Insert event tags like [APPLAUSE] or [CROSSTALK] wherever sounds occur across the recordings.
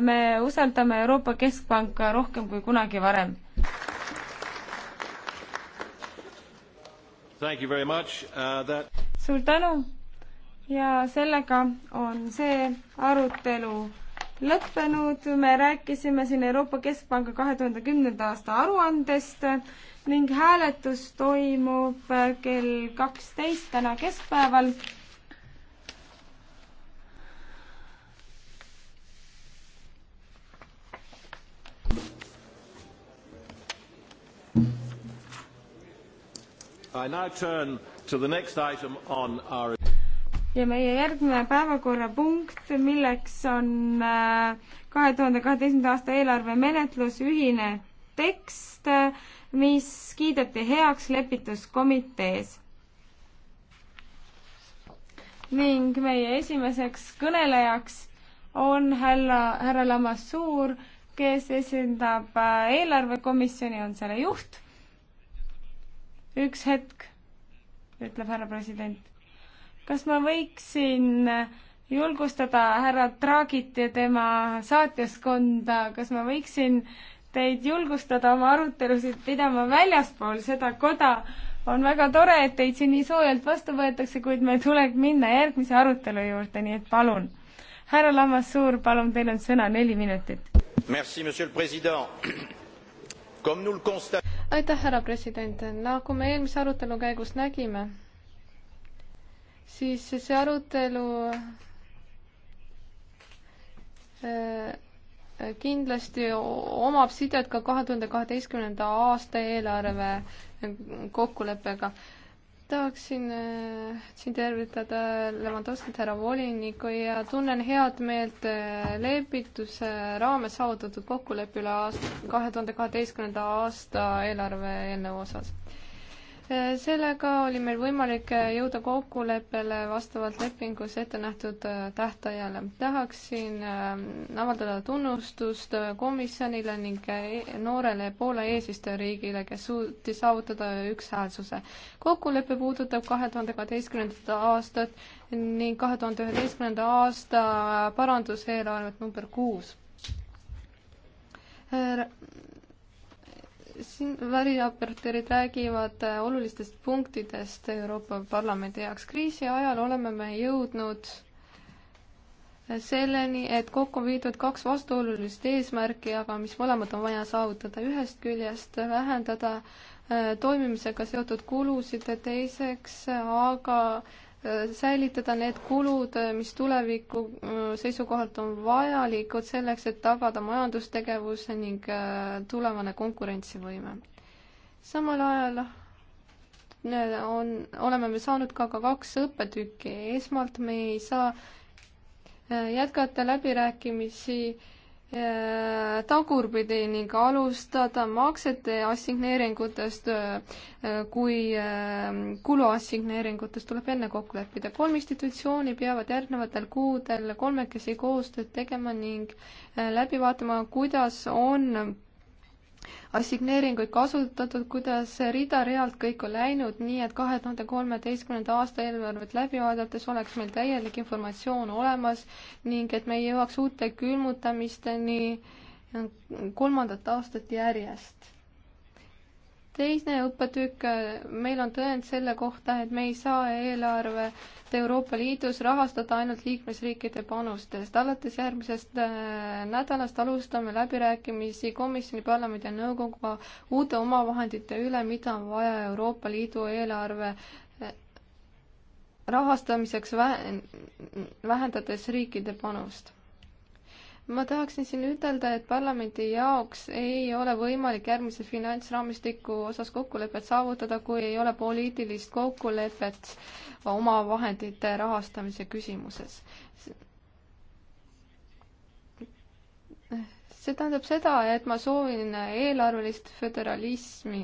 me usaldame Euroopa Keskpanka rohkem kui kunagi varem. Uh, that... suur tänu ja sellega on see arutelu lõppenud, me rääkisime siin Euroopa Keskpanga kahe tuhande kümnenda aasta aruandest ning hääletus toimub kell kaksteist täna keskpäeval Our... ja meie järgmine päevakorrapunkt, milleks on äh, kahe tuhande kaheteistkümnenda aasta eelarve menetlus, ühine tekst, mis kiideti heaks lepituskomitees. ning meie esimeseks kõnelejaks on härra, härra Lamassuur, kes esindab äh, eelarvekomisjoni, on selle juht üks hetk, ütleb härra president. kas ma võiksin julgustada härra Draagit ja tema saatjaskonda, kas ma võiksin teid julgustada oma arutelusid pidama väljaspool seda koda? on väga tore, et teid siin nii soojalt vastu võetakse, kuid meil tuleb minna järgmise arutelu juurde, nii et palun. härra Lamassuur, palun, teil on sõna neli minutit. Merci, monsieur le president. Comme nous le constatons aitäh, härra president, nagu me eelmise arutelu käigus nägime, siis see arutelu äh, kindlasti omab sidet ka kahe tuhande kaheteistkümnenda aasta eelarve kokkuleppega tahaksin äh, siin tervitada Levanovskit, härra volinikku ja tunnen head meelt äh, lepituse raames saavutatud kokkuleppe üle aast-, kahe tuhande kaheteistkümnenda aasta eelarve eelnõu osas sellega oli meil võimalik jõuda kokkuleppele vastavalt lepingus ette nähtud äh, tähtajale. tahaksin äh, avaldada tunnustust komisjonile ning äh, noorele Poola eesistujariigile, kes suutis saavutada ükshäälsuse. kokkulepe puudutab kahe tuhande kaheteistkümnendat aastat ning kahe tuhande üheteistkümnenda aasta paranduseelarvet number kuus siin variraportöörid räägivad äh, olulistest punktidest Euroopa Parlamendi jaoks. kriisi ajal oleme me jõudnud äh, selleni, et kokku on viidud kaks vastuolulist eesmärki, aga mis mõlemad on vaja saavutada. ühest küljest vähendada äh, toimimisega seotud kulusid ja teiseks aga säilitada need kulud, mis tuleviku äh, seisukohalt on vajalikud selleks, et tagada majandustegevuse ning äh, tulevane konkurentsivõime. samal ajal äh, on, oleme me saanud ka, ka kaks õppetükki, esmalt me ei saa jätkata läbirääkimisi äh, tagurpidi ning alustada maksete assigneeringutest äh, kui äh, kulu assigneeringutest tuleb enne kokku leppida. kolm institutsiooni peavad järgnevatel kuudel kolmekesi koostööd tegema ning äh, läbi vaatama, kuidas on assigneeringuid kasutatud, kuidas rida-realt kõik on läinud, nii et kahe tuhande kolmeteistkümnenda aasta eelarvet läbi vaadates oleks meil täielik informatsioon olemas ning et me ei jõuaks uute külmutamisteni kolmandat aastat järjest teine õppetükk, meil on tõend selle kohta, et me ei saa eelarvet Euroopa Liidus rahastada ainult liikmesriikide panustest. alates järgmisest äh, nädalast alustame läbirääkimisi komisjoni, parlamendi ja nõukoguga uute omavahendite üle, mida on vaja Euroopa Liidu eelarve äh, rahastamiseks vä-, vähendades riikide panust ma tahaksin siin ütelda, et parlamendi jaoks ei ole võimalik järgmise finantsraamistiku osas kokkulepet saavutada, kui ei ole poliitilist kokkulepet oma vahendite rahastamise küsimuses. see tähendab seda, et ma soovin eelarvelist föderalismi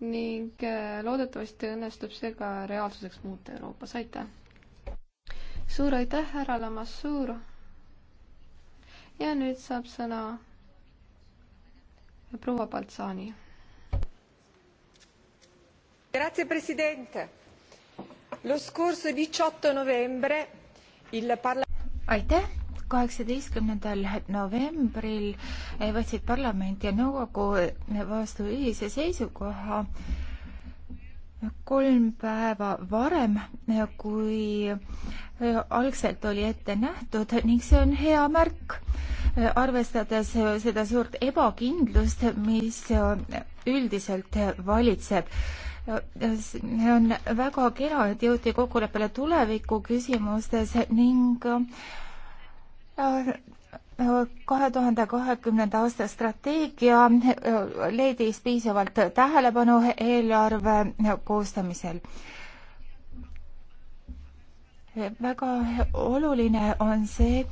ning loodetavasti õnnestub see ka reaalsuseks muuta Euroopas, aitäh! suur aitäh, härra Lamassuur. ja nüüd saab sõna proua Baltsani. Grazie presidente. Lo scorso diciotto novembre il parla-. aitäh kaheksateistkümnendal novembril võtsid parlament ja nõukogu vastu ühise seisukoha äh, kolm päeva varem, kui äh, algselt oli ette nähtud ning see on hea märk, äh, arvestades äh, seda suurt ebakindlust, mis üldiselt valitseb. see on väga kena, et jõuti kokkuleppele tuleviku küsimustes ning kahe tuhande kahekümnenda aasta strateegia äh, leidis piisavalt tähelepanu eelarve koostamisel. väga oluline on see,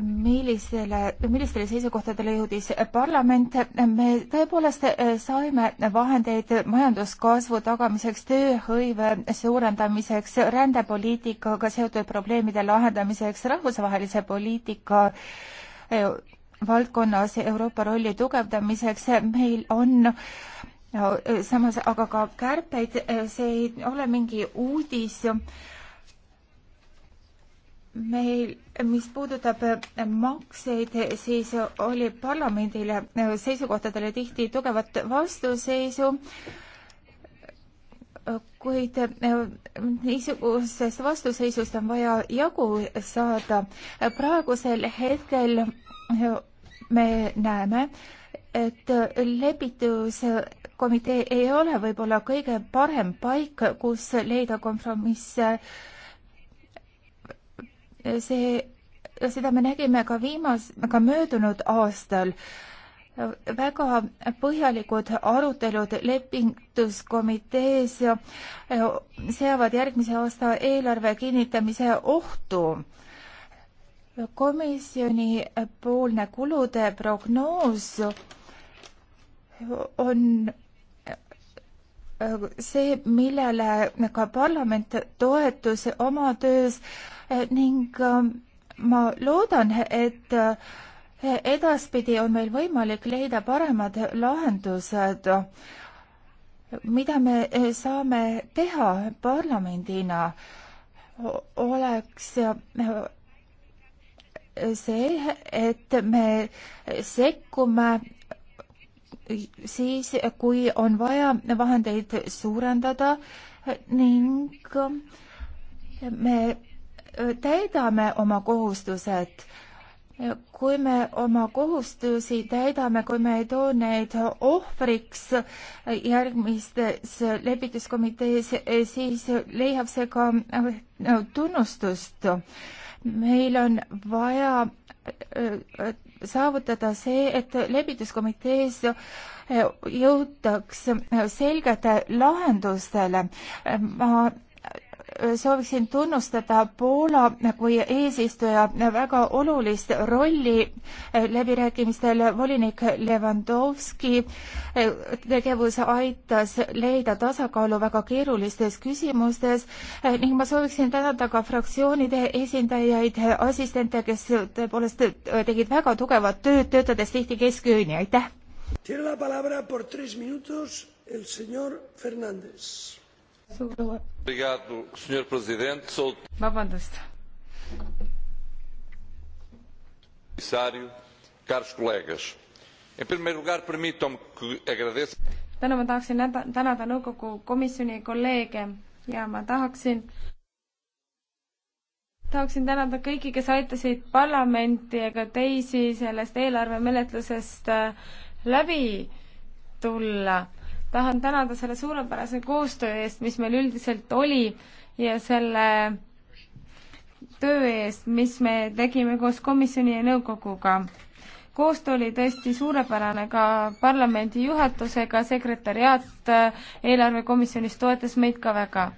millisele, millistele seisukohtadele jõudis parlament. me tõepoolest eh, saime vahendeid majanduskasvu tagamiseks, tööhõive suurendamiseks, rändepoliitikaga seotud probleemide lahendamiseks, rahvusvahelise poliitika eh, valdkonnas Euroopa rolli tugevdamiseks. meil on eh, samas aga ka kärpeid, see ei ole mingi uudis meil, mis puudutab makseid, siis oli parlamendile seisukohtadele tihti tugevat vastuseisu, kuid niisugusest vastuseisust on vaja jagu saada. praegusel hetkel me näeme, et lepituskomitee ei ole võib-olla kõige parem paik, kus leida kompromisse äh, see, seda me nägime ka viimas, ka möödunud aastal väga põhjalikud arutelud lepingtuskomitees seavad järgmise aasta eelarve kinnitamise ohtu. komisjoni poolne kulude prognoos on see, millele ka parlament toetus oma töös Eh, ning ähm, ma loodan, et äh, edaspidi on meil võimalik leida paremad lahendused, mida me äh, saame teha parlamendina, oleks äh, see, et me sekkume siis, kui on vaja vahendeid suurendada ning me täidame oma kohustused, kui me oma kohustusi täidame, kui me ei too neid ohvriks järgmistes lepituskomitees, siis leiab see ka tunnustust. meil on vaja äh, saavutada see, et lepituskomitees jõutaks selgete lahendustele. ma sooviksin tunnustada Poola kui eesistuja väga olulist rolli läbirääkimistel volinik Levandovski eh, tegevus aitas leida tasakaalu väga keerulistes küsimustes eh, ning ma sooviksin tänada ka fraktsioonide esindajaid, assistente, kes tõepoolest eh, tegid väga tugevat tööd, töötades tihti keskööni, aitäh! Tiene la palabra por tres minutos el señor Fernández. Suur vabandust. täna ma tahaksin tänada nõukogu komisjoni kolleege ja ma tahaksin tahaksin tänada kõiki, kes aitasid parlamenti ja ka teisi sellest eelarvemenetlusest äh, läbi tulla tahan tänada selle suurepärase koostöö eest, mis meil üldiselt oli ja selle töö eest, mis me tegime koos komisjoni ja nõukoguga. koostöö oli tõesti suurepärane ka parlamendi juhatusega, sekretäriaat eelarvekomisjonis toetas meid ka väga.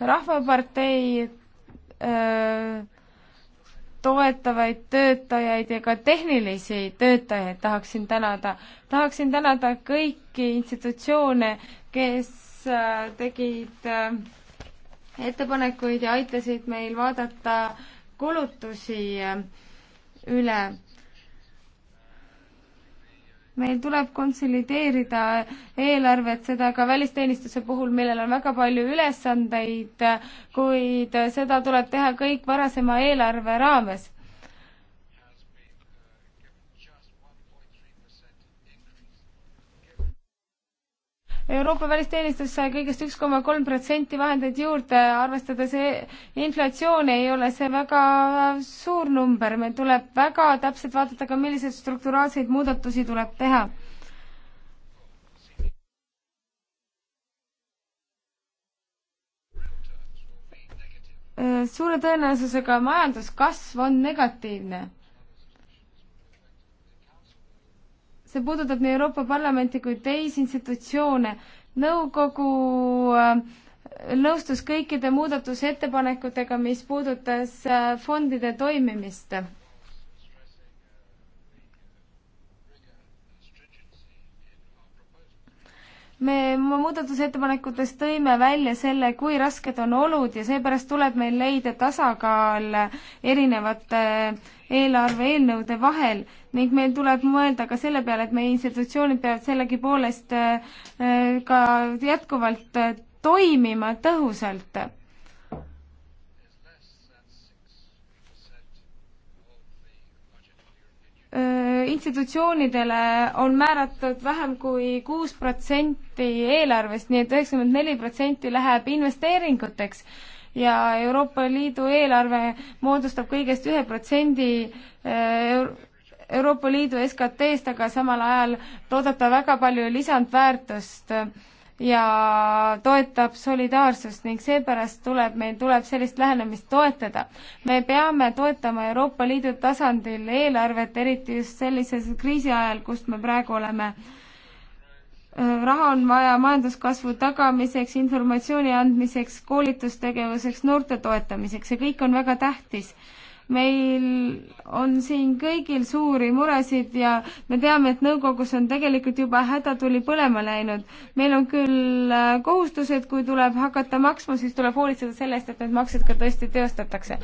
rahvapartei öö, toetavaid töötajaid ja ka tehnilisi töötajaid tahaksin tänada. tahaksin tänada kõiki institutsioone, kes äh, tegid äh, ettepanekuid ja aitasid meil vaadata kulutusi äh, üle meil tuleb konsolideerida eelarvet, seda ka välisteenistuse puhul, millel on väga palju ülesandeid, kuid seda tuleb teha kõik varasema eelarve raames. Euroopa välisteenistus sai kõigest üks koma kolm protsenti vahendeid juurde, arvestades e-, inflatsiooni ei ole see väga äh, suur number, meil tuleb väga täpselt vaadata ka, milliseid strukturaalseid muudatusi tuleb teha. Äh, suure tõenäosusega majanduskasv on negatiivne see puudutab nii Euroopa Parlamenti kui teisi institutsioone. nõukogu äh, nõustus kõikide muudatusettepanekutega, mis puudutas äh, fondide toimimist me oma muudatusettepanekutes tõime välja selle, kui rasked on olud ja seepärast tuleb meil leida tasakaal erinevate eelarve eelnõude vahel ning meil tuleb mõelda ka selle peale, et meie institutsioonid peavad sellegipoolest äh, ka jätkuvalt äh, toimima tõhusalt Äh, institutsioonidele on määratud vähem kui kuus protsenti eelarvest, nii et üheksakümmend neli protsenti läheb investeeringuteks ja Euroopa Liidu eelarve moodustab kõigest ühe protsendi äh, Euroopa Liidu SKT-st, aga samal ajal toodab ta väga palju lisandväärtust ja toetab solidaarsust ning seepärast tuleb, meil tuleb sellist lähenemist toetada. me peame toetama Euroopa Liidu tasandil eelarvet, eriti just sellises kriisi ajal, kust me praegu oleme. raha on vaja majanduskasvu tagamiseks, informatsiooni andmiseks, koolitustegevuseks, noorte toetamiseks, see kõik on väga tähtis meil on siin kõigil suuri muresid ja me teame, et nõukogus on tegelikult juba hädatuli põlema läinud. meil on küll äh, kohustused, kui tuleb hakata maksma, siis tuleb hoolitseda selle eest, et need maksed ka tõesti teostatakse.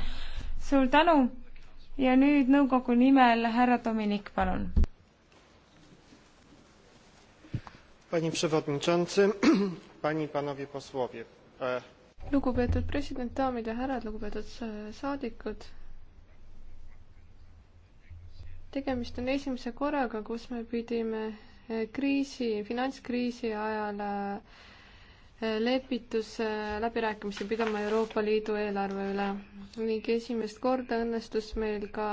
suur tänu ja nüüd nõukogu nimel härra Dominik, palun. Panie przewodniczący, [CLEARS THROAT] panie i panowie posłowie. E, lugupeetud president, daamid ja härrad, lugupeetud saadikud tegemist on esimese korraga, kus me pidime eh, kriisi, finantskriisi ajal eh, lepituse eh, läbirääkimisi pidama Euroopa Liidu eelarve üle ning esimest korda õnnestus meil ka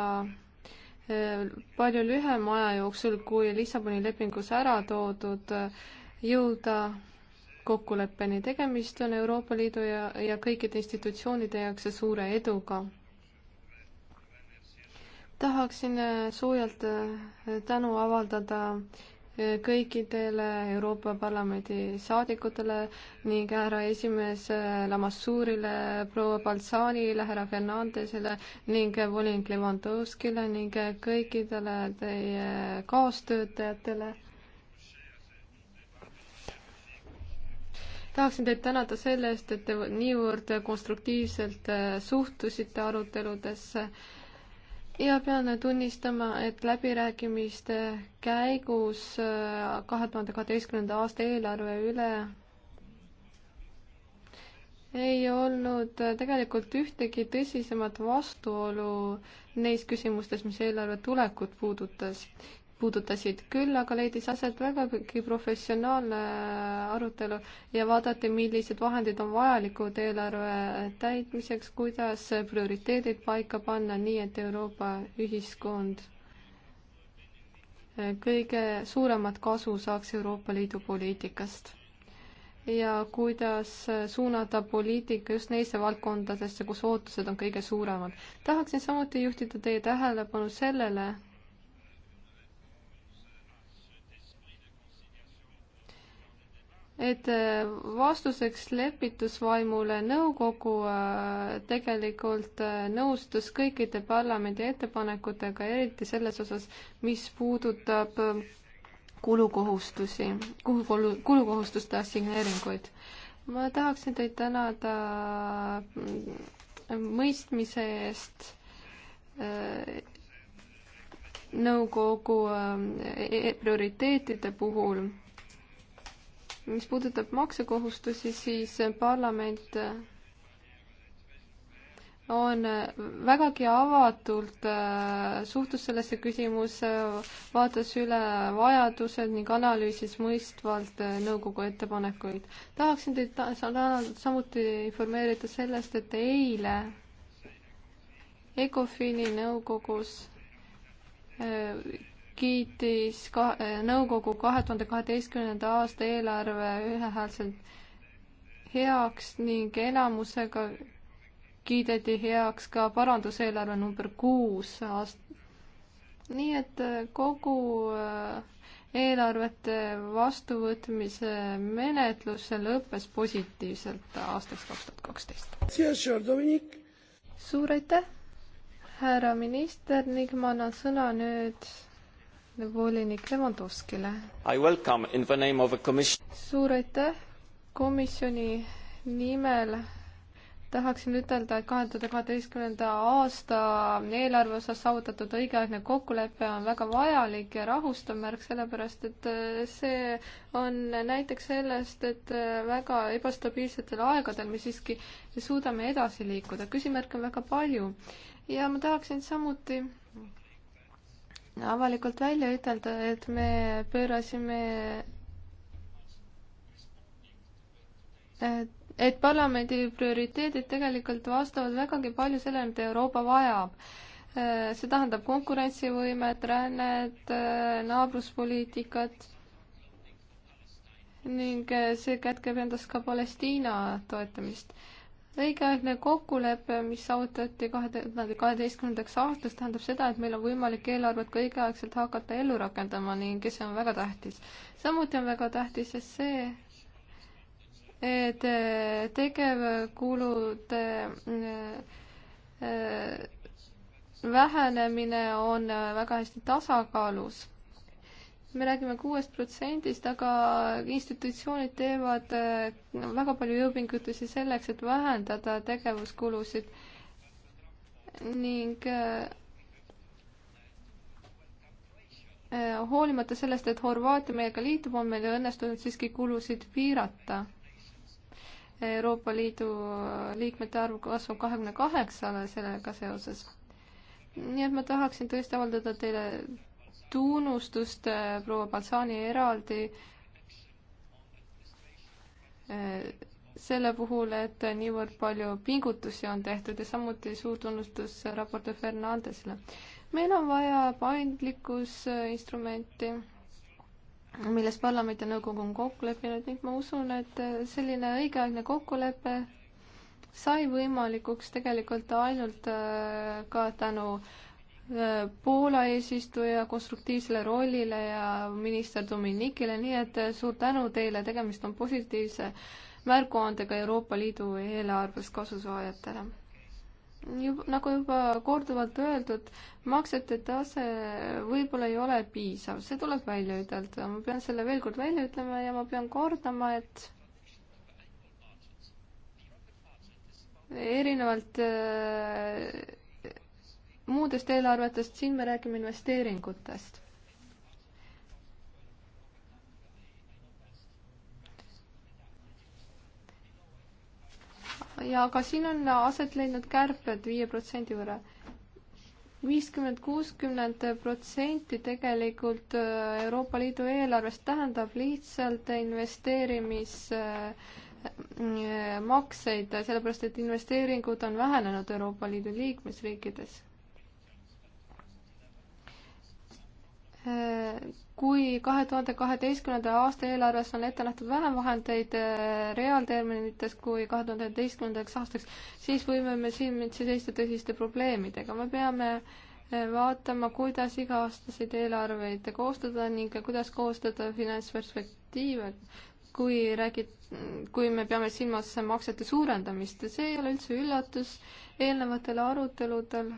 palju lühema aja jooksul, kui Lissaboni lepingus ära toodud, jõuda kokkuleppeni. tegemist on Euroopa Liidu ja, ja kõikide institutsioonide jaoks suure eduga tahaksin äh, soojalt äh, tänu avaldada äh, kõikidele Euroopa Parlamendi saadikutele ning härra esimees Lamassuurile, proua Baltsaanile, härra Fernandesele ning volinik Levandovskile ning kõikidele teie kaastöötajatele. tahaksin teid tänada selle eest, et te niivõrd konstruktiivselt suhtusite aruteludesse ja pean tunnistama, et läbirääkimiste käigus äh, kahe tuhande kaheteistkümnenda aasta eelarve üle ei olnud äh, tegelikult ühtegi tõsisemat vastuolu neis küsimustes, mis eelarve tulekut puudutas puudutasid, küll aga leidis aset vägagi professionaalne äh, arutelu ja vaadati, millised vahendid on vajalikud eelarve täitmiseks, kuidas prioriteedid paika panna, nii et Euroopa ühiskond äh, kõige suuremat kasu saaks Euroopa Liidu poliitikast ja kuidas äh, suunata poliitika just neisse valdkondadesse, kus ootused on kõige suuremad. tahaksin samuti juhtida teie tähelepanu sellele, et äh, vastuseks lepitusvaimule nõukogu äh, tegelikult äh, nõustus kõikide parlamendi ettepanekutega, eriti selles osas, mis puudutab kulukohustusi, kulu, kulukohustuste assigneeringuid. ma tahaksin teid tänada mõistmise eest nõukogu e-, e-, prioriteetide puhul mis puudutab maksekohustusi, siis parlament on vägagi avatult äh, suhtus sellesse küsimusse, vaatas üle vajadused ning analüüsis mõistvalt äh, nõukogu ettepanekuid. tahaksin teid ta samuti informeerida sellest, et eile ECOFIN-i nõukogus äh, kiitis ka eh, nõukogu kahe tuhande kaheteistkümnenda aasta eelarve ühehäälselt heaks ning enamusega kiideti heaks ka paranduseelarve number kuus aast-. nii et eh, kogu eh, eelarvete vastuvõtmise menetlus lõppes positiivselt aastaks kaks tuhat kaksteist. suur aitäh, härra minister ning ma annan sõna nüüd volinik Levandovskile. suur aitäh komisjoni nimel tahaksin ütelda, et kahe tuhande kaheteistkümnenda aasta eelarve osas saavutatud õigeaegne kokkulepe on väga vajalik ja rahustav märk, sellepärast et äh, see on näiteks sellest, et äh, väga ebastabiilsetel aegadel me siiski suudame edasi liikuda. küsimärke on väga palju ja ma tahaksin samuti avalikult välja ütelda, et me pöörasime, et parlamendi prioriteedid tegelikult vastavad vägagi palju sellele, mida Euroopa vajab. see tähendab konkurentsivõimet, rännet, naabruspoliitikat ning see kätkeb endas ka Palestiina toetamist õigeaegne kokkulepe, mis saavutati kahe tuhande kaheteistkümnendaks aastaks, tähendab seda, et meil on võimalik eelarvet ka õigeaegselt hakata ellu rakendama ning see on väga tähtis. samuti on väga tähtis see, et eh, tegevkulude eh, eh, vähenemine on väga hästi tasakaalus me räägime kuuest protsendist, aga institutsioonid teevad äh, väga palju jõupingutusi selleks, et vähendada tegevuskulusid ning äh, äh, hoolimata sellest, et Horvaatia meiega liitub, on meil õnnestunud siiski kulusid piirata. Euroopa Liidu liikmete arv kasvab kahekümne kaheksale sellega seoses. nii et ma tahaksin tõesti avaldada teile tunnustust äh, proua Balsani eraldi äh, selle puhul, et niivõrd palju pingutusi on tehtud ja samuti suur tunnustus raportöör Fernandesele. meil on vaja paindlikkusinstrumenti, äh, milles parlament ja nõukogu on kokku leppinud ning ma usun, et selline õigeaegne kokkulepe sai võimalikuks tegelikult ainult ka tänu äh, Poola eesistuja konstruktiivsele rollile ja minister Dominikile, nii et suur tänu teile, tegemist on positiivse märguandega Euroopa Liidu eelarvest kasusaajatele. juba, nagu juba korduvalt öeldud, maksete tase võib-olla ei ole piisav, see tuleb välja ütelda, ma pean selle veel kord välja ütlema ja ma pean kordama, et erinevalt äh, muudest eelarvetest, siin me räägime investeeringutest. ja ka siin on aset leidnud kärped viie protsendi võrra viiskümmend, kuuskümmend protsenti tegelikult äh, Euroopa Liidu eelarvest tähendab lihtsalt investeerimismakseid, äh, äh, sellepärast et investeeringud on vähenenud Euroopa Liidu liikmesriikides. kui kahe tuhande kaheteistkümnenda aasta eelarves on ette nähtud vähem vahendeid eh, reaalterminites kui kahe tuhande üheteistkümnendaks aastaks, siis võime me silmitsi seista tõsiste probleemidega. me peame eh, vaatama, kuidas iga-aastaseid eelarveid koostada ning kuidas koostada finantsperspektiive, kui räägid, kui me peame silmas maksete suurendamist. see ei ole üldse üllatus eelnevatel aruteludel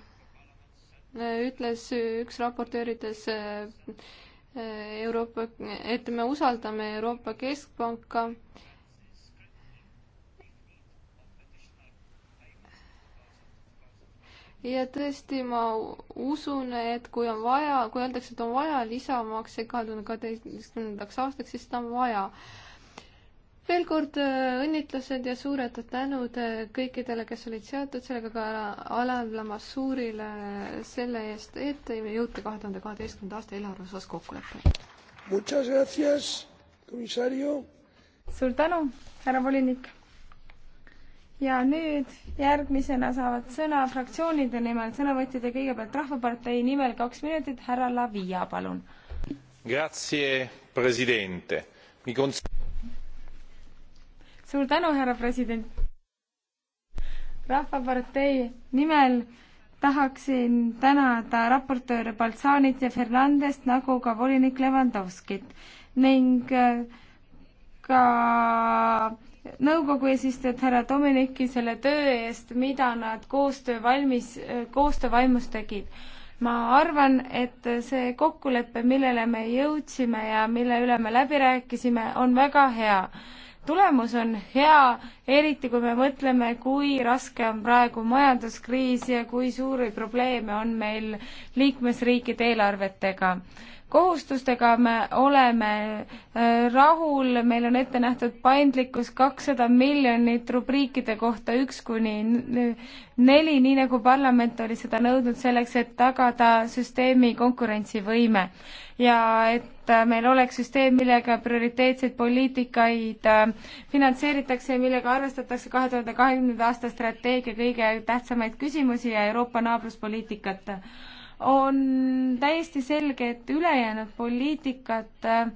ütles üks raportöörides äh, Euroopa, et me usaldame Euroopa Keskpanka. ja tõesti, ma usun, et kui on vaja, kui öeldakse, et on vaja lisamakse kahe tuhande kaheteistkümnendaks aastaks, siis seda on vaja veel kord äh, õnnitlused ja suured tänud äh, kõikidele, kes olid seotud sellega, ka Alan Lamassuurile äh, selle eest, et jõuti kahe tuhande kaheteistkümnenda aasta eelarve osas kokkuleppele. suur tänu, härra volinik. ja nüüd järgmisena saavad sõna fraktsioonide nimel sõnavõtjad ja kõigepealt Rahvapartei nimel kaks minutit, härra Lavia, palun. Grazie, presidente. Mi cons- suur tänu, härra president. rahvapartei nimel tahaksin tänada raportööre Baltsaanit ja Fernandest nagu ka volinik Levandovskit ning äh, ka nõukogu eesistujat härra Dominiki selle töö eest, mida nad koostöö valmis, koostöövaimus tegid. ma arvan, et see kokkulepe, millele me jõudsime ja mille üle me läbi rääkisime, on väga hea tulemus on hea, eriti kui me mõtleme, kui raske on praegu majanduskriis ja kui suuri probleeme on meil liikmesriikide eelarvetega. kohustustega me oleme äh, rahul, meil on ette nähtud paindlikkus kakssada miljonit rubriikide kohta üks kuni neli, nii nagu parlament oli seda nõudnud selleks, et tagada süsteemi konkurentsivõime ja et et äh, meil oleks süsteem, millega prioriteetseid poliitikaid äh, finantseeritakse ja millega arvestatakse kahe tuhande kahekümnenda aasta strateegia kõige tähtsamaid küsimusi ja Euroopa naabruspoliitikat. on täiesti selge, et ülejäänud poliitikat äh,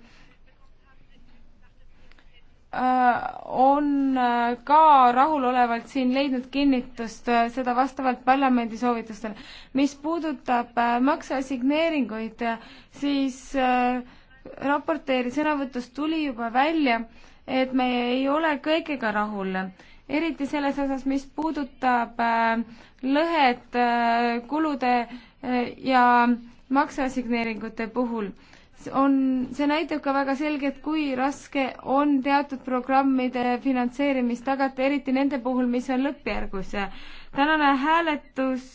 on ka rahulolevalt siin leidnud kinnitust, seda vastavalt parlamendi soovitustele. mis puudutab makseassigneeringuid, siis äh, raporteeri sõnavõtust tuli juba välja, et me ei ole kõigega rahul, eriti selles osas, mis puudutab äh, lõhet äh, kulude äh, ja makseassigneeringute puhul. on, see näitab ka väga selgelt, kui raske on teatud programmide finantseerimist tagada, eriti nende puhul, mis on lõppjärgus. tänane hääletus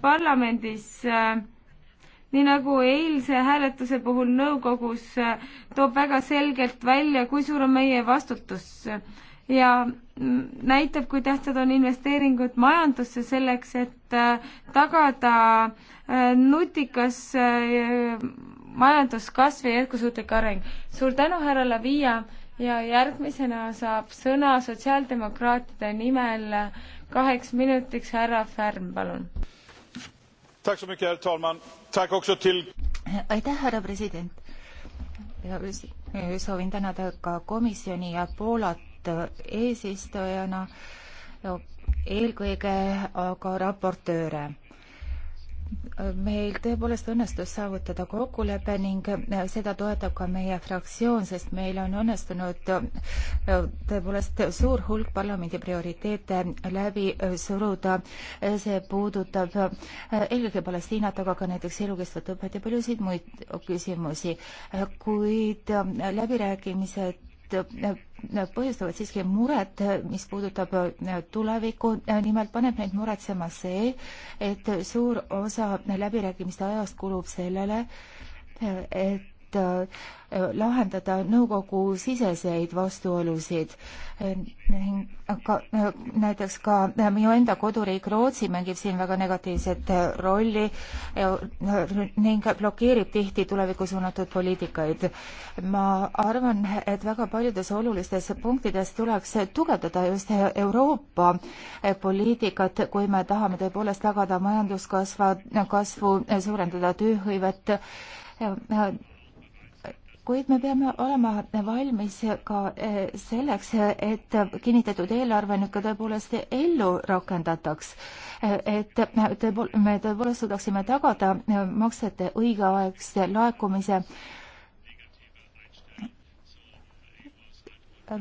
parlamendis äh, nii nagu eilse hääletuse puhul nõukogus äh, toob väga selgelt välja, kui suur on meie vastutus ja näitab, kui tähtsad on investeeringud majandusse selleks, et äh, tagada äh, nutikas majanduskasv ja jätkusuutlik areng. suur tänu, härra Lavia ja järgmisena saab sõna sotsiaaldemokraatide nimel kaheks minutiks härra Färm, palun aitäh, härra president. Eh, soovin tänada ka komisjoni ja Poolat eh, eesistujana, eelkõige aga raportööre meil tõepoolest õnnestus saavutada kokkulepe ning äh, seda toetab ka meie fraktsioon, sest meil on õnnestunud äh, tõepoolest suur hulk parlamendi prioriteete läbi äh, suruda. see puudutab eelkõige Palestiinat, aga ka näiteks elukestvat õpet ja paljusid muid küsimusi, kuid läbirääkimised põhjustavad siiski muret, mis puudutab äh, tulevikku, äh, nimelt paneb neid muretsema see, et suur osa läbirääkimiste ajast kulub sellele, äh, et et äh, lahendada nõukogu siseseid vastuolusid. aga äh, näiteks ka äh, minu enda koduriik Rootsi mängib siin väga negatiivset rolli ning blokeerib tihti tulevikku suunatud poliitikaid. ma arvan, et väga paljudes olulistes punktides tuleks tugevdada just Euroopa poliitikat, kui me tahame tõepoolest tagada majanduskasva, kasvu, suurendada tööhõivet kuid me peame olema valmis ka eh, selleks, et kinnitatud eelarve nüüd ka tõepoolest ellu rakendataks. Eh, et me tõepoolest, me tõepoolest suudaksime tagada eh, maksete õigeaegse laekumise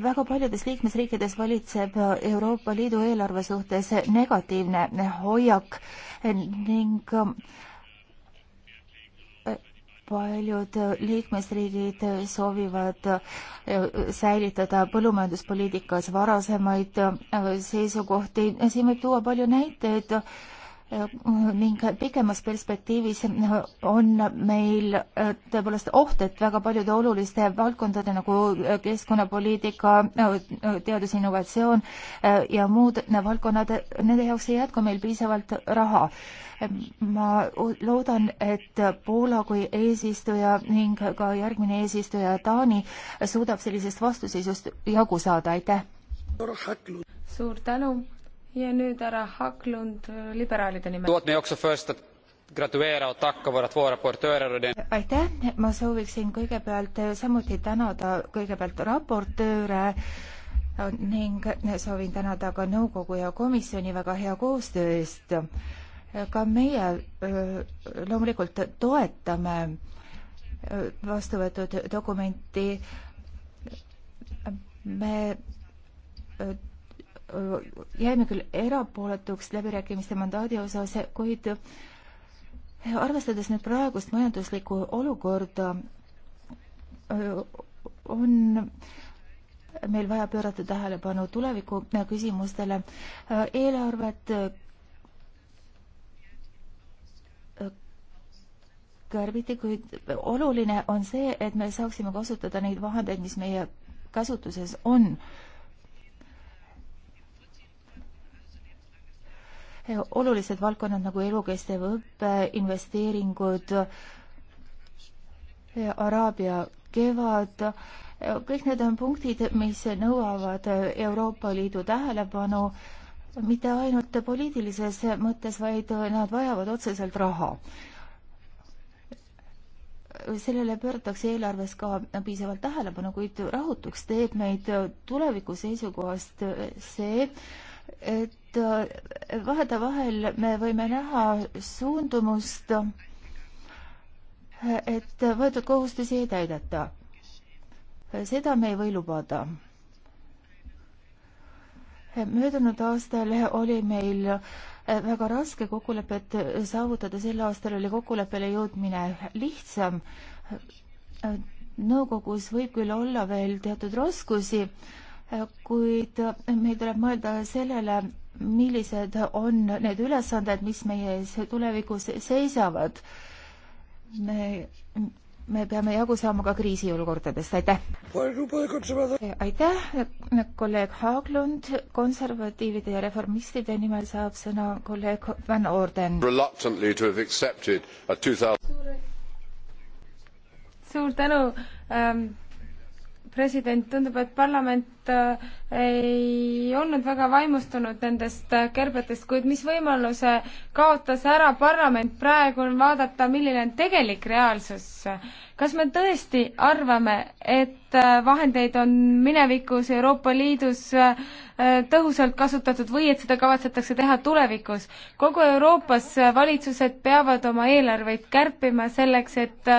väga paljudes liikmesriikides valitseb Euroopa Liidu eelarve suhtes negatiivne hoiak ning paljud liikmesriigid soovivad äh, säilitada põllumajanduspoliitikas varasemaid äh, seisukohti, siin võib tuua palju näiteid ning pikemas perspektiivis on meil äh, tõepoolest oht, et väga paljude oluliste valdkondade nagu äh, keskkonnapoliitika, äh, teadusinnovatsioon ja muud valdkonnad, nende jaoks ei jätku meil piisavalt raha. ma loodan, et Poola kui eesistuja ning ka järgmine eesistuja Taani suudab sellisest vastuseisust jagu saada, aitäh! suur tänu! ja nüüd härra Haklund äh, liberaalide nimel gratuleerida Otaka Varatu raportöörile. aitäh, ma sooviksin kõigepealt äh, samuti tänada kõigepealt raportööre äh, ning soovin tänada ka nõukogu ja komisjoni väga hea koostöö eest. ka meie loomulikult toetame vastu võetud dokumenti. me jäime küll erapooletuks läbirääkimiste mandaadi osas, kuid arvestades nüüd praegust majanduslikku olukorda, on meil vaja pöörata tähelepanu tuleviku küsimustele, eelarvet kärbiti, kuid oluline on see, et me saaksime kasutada neid vahendeid, mis meie käsutuses on olulised valdkonnad nagu elukestev õpe, investeeringud, Araabia kevad, kõik need on punktid, mis nõuavad Euroopa Liidu tähelepanu mitte ainult poliitilises mõttes, vaid nad vajavad otseselt raha. sellele pööratakse eelarves ka piisavalt tähelepanu, kuid rahutuks teeb meid tuleviku seisukohast see, et et vahetevahel me võime näha suundumust, et võetud kohustusi ei täideta. seda me ei või lubada möödunud aastal oli meil väga raske kokkulepet saavutada, sel aastal oli kokkuleppele jõudmine lihtsam. nõukogus võib küll olla veel teatud raskusi, kuid meil tuleb mõelda sellele, millised on need ülesanded, mis meie ees tulevikus seisavad. me, me peame jagu saama ka kriisiolukordadest, aitäh! aitäh, kolleeg Haaglund, konservatiivide ja reformistide nimel saab sõna kolleeg Van Orden. suur tänu ähm, president, tundub, et parlament äh, ei olnud väga vaimustunud nendest äh, kärbetest, kuid mis võimaluse kaotas ära parlament praegu vaadata, milline on tegelik reaalsus kas me tõesti arvame, et äh, vahendeid on minevikus Euroopa Liidus äh, tõhusalt kasutatud või et seda kavatsetakse teha tulevikus? kogu Euroopas äh, valitsused peavad oma eelarveid kärpima selleks, et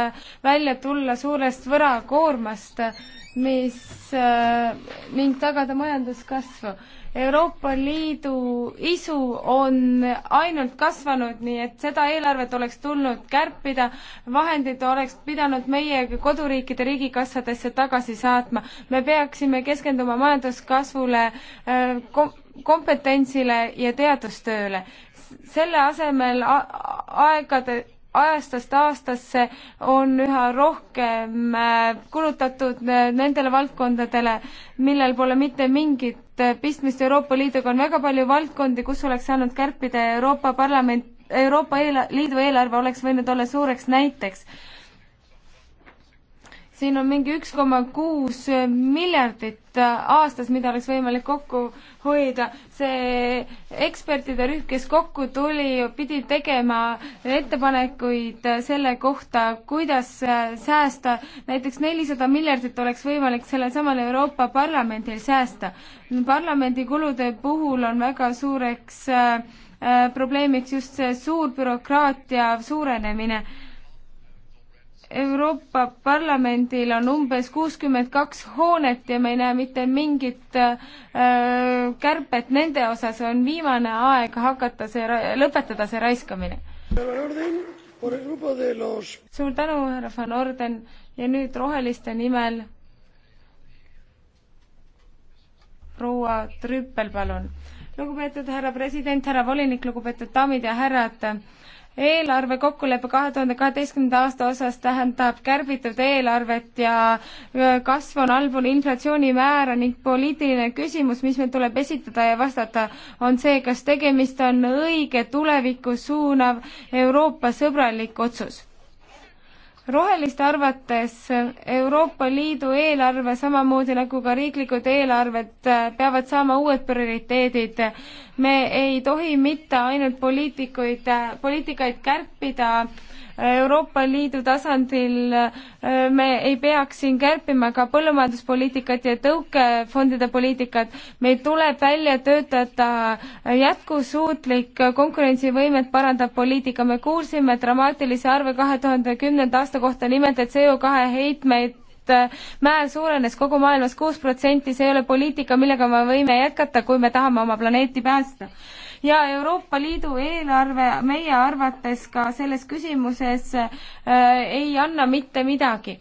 välja tulla suurest võlakoormast, mis ning tagada majanduskasvu Euroopa Liidu isu on ainult kasvanud, nii et seda eelarvet oleks tulnud kärpida, vahendid oleks pidanud meie koduriikide riigikassadesse tagasi saatma. me peaksime keskenduma majanduskasvule äh, kom, kompetentsile ja teadustööle. selle asemel aegade ajastast aastasse on üha rohkem äh, kulutatud äh, nendele valdkondadele, millel pole mitte mingit et pistmist Euroopa Liiduga on väga palju valdkondi, kus oleks saanud kärpida Euroopa Parlament, Euroopa eela-, Liidu eelarve oleks võinud olla suureks näiteks siin on mingi üks koma kuus miljardit aastas, mida oleks võimalik kokku hoida. see ekspertide rühm, kes kokku tuli, pidi tegema ettepanekuid selle kohta, kuidas säästa. näiteks nelisada miljardit oleks võimalik sellel samal Euroopa Parlamendil säästa. parlamendi kulude puhul on väga suureks äh, probleemiks just see suur bürokraatia suurenemine Euroopa Parlamendil on umbes kuuskümmend kaks hoonet ja me ei näe mitte mingit äh, kärpet nende osas, on viimane aeg hakata see, lõpetada see raiskamine. suur tänu, härra Van Orden ja nüüd Roheliste nimel proua Trüppel, palun. lugupeetud härra president, härra volinik, lugupeetud daamid ja härrad eelarve kokkulepe kahe tuhande kaheteistkümnenda aasta osas tähendab kärbitud eelarvet ja kasv on allpool inflatsioonimäära ning poliitiline küsimus, mis meil tuleb esitada ja vastata, on see, kas tegemist on õige tulevikku suunav Euroopa sõbralik otsus roheliste arvates Euroopa Liidu eelarve samamoodi nagu ka riiklikud eelarved äh, peavad saama uued prioriteedid. me ei tohi mitte ainult poliitikuid, äh, poliitikaid kärpida äh, Euroopa Liidu tasandil äh, me ei peaks siin kärpima ka põllumajanduspoliitikat ja tõukefondide poliitikat. meil tuleb välja töötada jätkusuutlik konkurentsivõimet parandav poliitika. me kuulsime dramaatilise arve kahe tuhande kümnenda aasta kohta nimelt, et CO kahe heitmeid äh, määr suurenes kogu maailmas kuus protsenti, see ei ole poliitika, millega me võime jätkata, kui me tahame oma planeeti päästa ja Euroopa Liidu eelarve meie arvates ka selles küsimuses äh, ei anna mitte midagi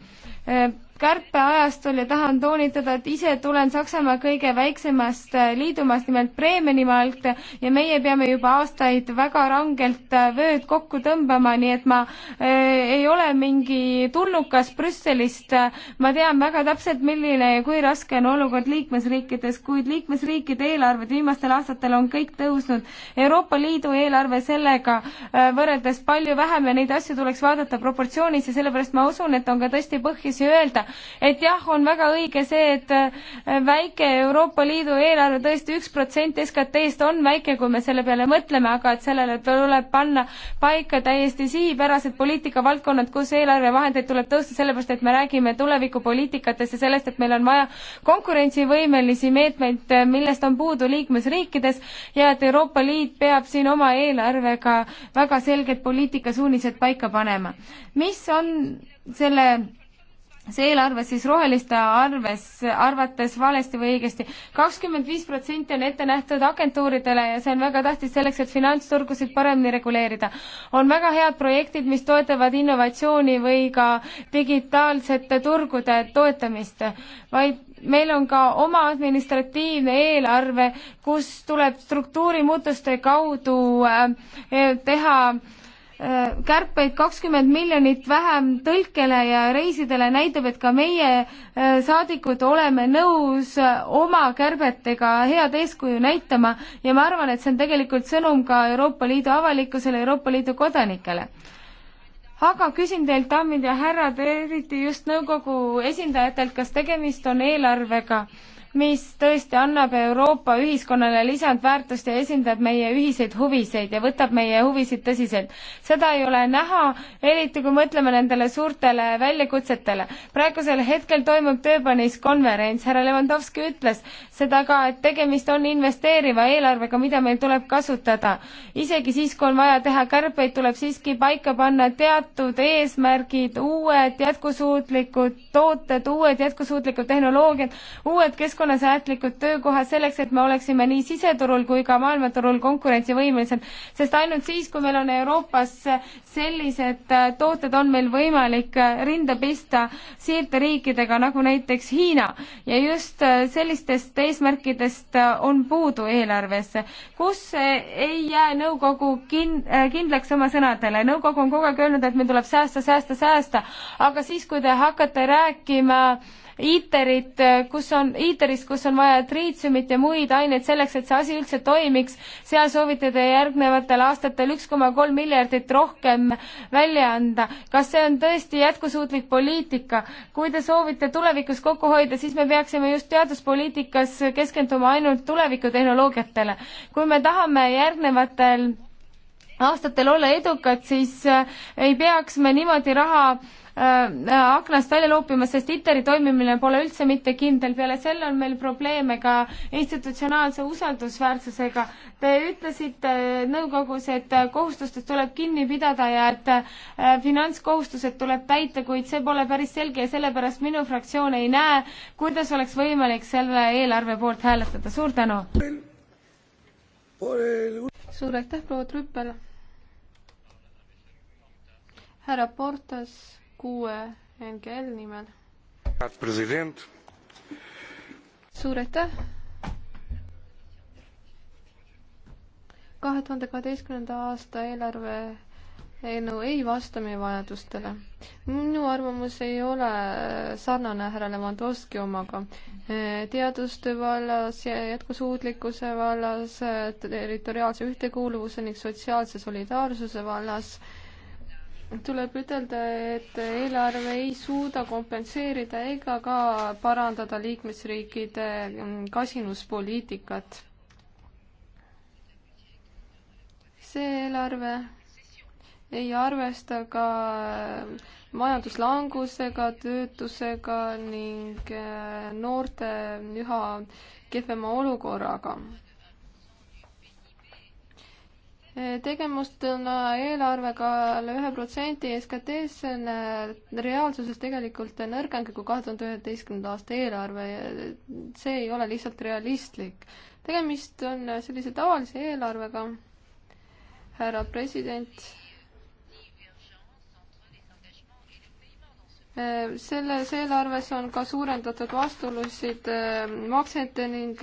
äh, kärpeajastul ja tahan toonitada, et ise tulen Saksamaa kõige väiksemast äh, liidumaast, nimelt Bremenimaalt ja meie peame juba aastaid väga rangelt äh, vööd kokku tõmbama, nii et ma äh, ei ole mingi tulnukas Brüsselist. ma tean väga täpselt, milline ja kui raske on olukord liikmesriikides, kuid liikmesriikide eelarved viimastel aastatel on kõik tõusnud. Euroopa Liidu eelarve sellega äh, võrreldes palju vähem ja neid asju tuleks vaadata proportsioonis ja sellepärast ma usun, et on ka tõesti põhjusi öelda, et jah, on väga õige see, et äh, väike Euroopa Liidu eelarve tõesti üks protsent SKT-st on väike, kui me selle peale mõtleme, aga et sellele tuleb panna paika täiesti sihipärased poliitikavaldkonnad, kus eelarvevahendeid tuleb tõsta, sellepärast et me räägime tulevikupoliitikatest ja sellest, et meil on vaja konkurentsivõimelisi meetmeid, äh, millest on puudu liikmesriikides ja et Euroopa Liit peab siin oma eelarvega väga selged poliitikasuunised paika panema. mis on selle see eelarve siis roheliste arves, arvates valesti või õigesti. kakskümmend viis protsenti on ette nähtud agentuuridele ja see on väga tähtis selleks, et finantsturgusid paremini reguleerida. on väga head projektid, mis toetavad innovatsiooni või ka digitaalsete turgude toetamist, vaid meil on ka oma administratiivne eelarve, kus tuleb struktuurimuutuste kaudu äh, teha kärpeid kakskümmend miljonit vähem tõlkele ja reisidele näitab, et ka meie äh, saadikud oleme nõus äh, oma kärbetega head eeskuju näitama ja ma arvan, et see on tegelikult sõnum ka Euroopa Liidu avalikkusele, Euroopa Liidu kodanikele. aga küsin teilt, daamid ja härrad, eriti just nõukogu esindajatelt, kas tegemist on eelarvega, mis tõesti annab Euroopa ühiskonnale lisandväärtust ja esindab meie ühiseid huvisid ja võtab meie huvisid tõsiselt. seda ei ole näha, eriti kui mõtleme nendele suurtele väljakutsetele. praegusel hetkel toimub Tööpanis konverents, härra Levanovski ütles seda ka, et tegemist on investeeriva eelarvega, mida meil tuleb kasutada. isegi siis, kui on vaja teha kärpeid, tuleb siiski paika panna teatud eesmärgid, uued jätkusuutlikud tooted, uued jätkusuutlikud tehnoloogiad, uued keskkonnad, keskkonnasäätlikud töökohad selleks, et me oleksime nii siseturul kui ka maailmaturul konkurentsivõimelised, sest ainult siis, kui meil on Euroopas sellised äh, tooted, on meil võimalik äh, rinda pista siirderiikidega, nagu näiteks Hiina. ja just äh, sellistest eesmärkidest on puudu eelarves, kus ei jää nõukogu kin-, kindlaks oma sõnadele. nõukogu on kogu aeg öelnud, et meil tuleb säästa, säästa, säästa, aga siis, kui te hakkate rääkima äh, ITER-it, kus on, ITER-ist, kus on vaja triitsiumit ja muid aineid selleks, et see asi üldse toimiks, seal soovite te järgnevatel aastatel üks koma kolm miljardit rohkem välja anda. kas see on tõesti jätkusuutlik poliitika? kui te soovite tulevikus kokku hoida, siis me peaksime just teaduspoliitikas keskenduma ainult tulevikutehnoloogiatele. kui me tahame järgnevatel aastatel olla edukad, siis äh, ei peaks me niimoodi raha Äh, aknast välja loopima, sest ITER-i toimimine pole üldse mitte kindel. peale selle on meil probleeme ka institutsionaalse usaldusväärsusega. Te ütlesite nõukogus, et kohustustest tuleb kinni pidada ja et äh, finantskohustused tuleb täita, kuid see pole päris selge ja sellepärast minu fraktsioon ei näe, kuidas oleks võimalik selle eelarve poolt hääletada. suur tänu! suur aitäh, proua Trüppel! härra Portas kuue NGL nimel. suur aitäh. kahe tuhande kaheteistkümnenda aasta eelarve eelnõu ei vasta meie vajadustele. minu arvamus ei ole sarnane härra Levandovski omaga. teadustöö vallas, jätkusuutlikkuse vallas, territoriaalse ühtekuuluvuse ning sotsiaalse solidaarsuse vallas äh, tuleb ütelda, et eelarve ei suuda kompenseerida ega ka parandada liikmesriikide mm, kasinuspoliitikat. see eelarve ei arvesta ka mm, majanduslangusega, töötusega ning mm, noorte üha kehvema olukorraga tegemist on eelarvega üle ühe protsendi SKT-s, see on reaalsuses tegelikult nõrgem kui kahe tuhande üheteistkümnenda aasta eelarve ja äh, see ei ole lihtsalt realistlik. tegemist on äh, sellise tavalise eelarvega, härra president, äh, selles eelarves on ka suurendatud vastuolusid maksete ning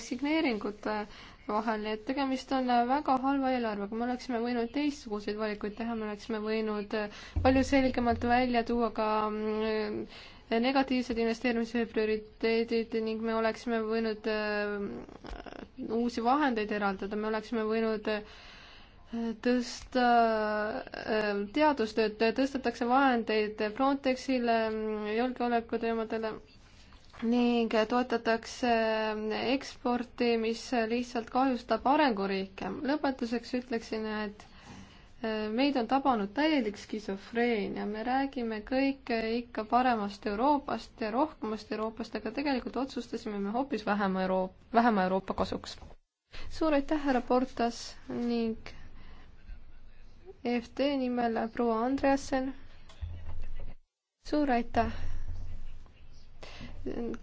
assigneeringute äh, vahel, nii et tegemist on äh, väga halva eelarvega, me oleksime võinud teistsuguseid valikuid teha, me oleksime võinud äh, palju selgemalt välja tuua ka mm, äh, negatiivsed investeerimise prioriteedid ning me oleksime võinud uusi vahendeid eraldada, me oleksime võinud tõsta teadustööd, tõstetakse vahendeid Frontexile, mm, julgeoleku teemadele ning toetatakse eksporti, mis lihtsalt kahjustab arenguriike. lõpetuseks ütleksin, et äh, meid on tabanud täielik skisofreenia, me räägime kõik äh, ikka paremast Euroopast ja rohkemast Euroopast, aga tegelikult otsustasime me hoopis vähema Euroop-, vähema Euroopa kasuks. suur aitäh, härra Portas ning EFT nimel proua Andreasen. suur aitäh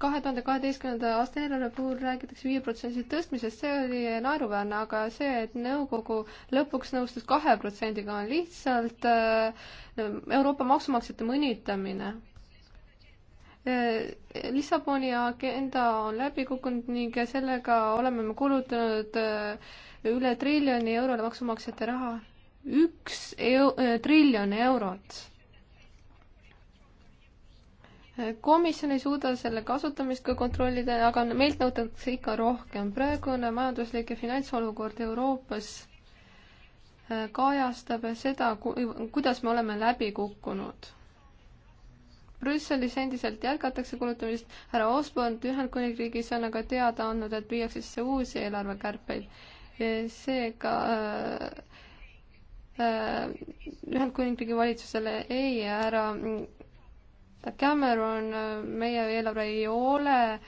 kahe tuhande kaheteistkümnenda aasta eelarve puhul räägitakse viieprotsendilise tõstmisest, see oli naeruväärne, aga see, et nõukogu lõpuks nõustus kahe protsendiga, on lihtsalt äh, Euroopa maksumaksjate mõnitamine. Äh, Lissaboni agenda on läbi kukkunud ning sellega oleme me kulutanud äh, üle triljoni eurole maksumaksjate raha. üks eu-, triljon eurot komisjon ei suuda selle kasutamist ka kontrollida, aga meilt nõutakse ikka rohkem. praegune majanduslik ja finantsolukord Euroopas äh, kajastab seda, kuidas me oleme läbi kukkunud. Brüsselis endiselt jätkatakse kulutamist, härra Osborne Ühendkuningriigis on aga teada andnud, et viiakse sisse uusi eelarvekärpeid. seega äh, äh, Ühendkuningriigi valitsusele ei, härra Cameron, äh, meie eelarve ei ole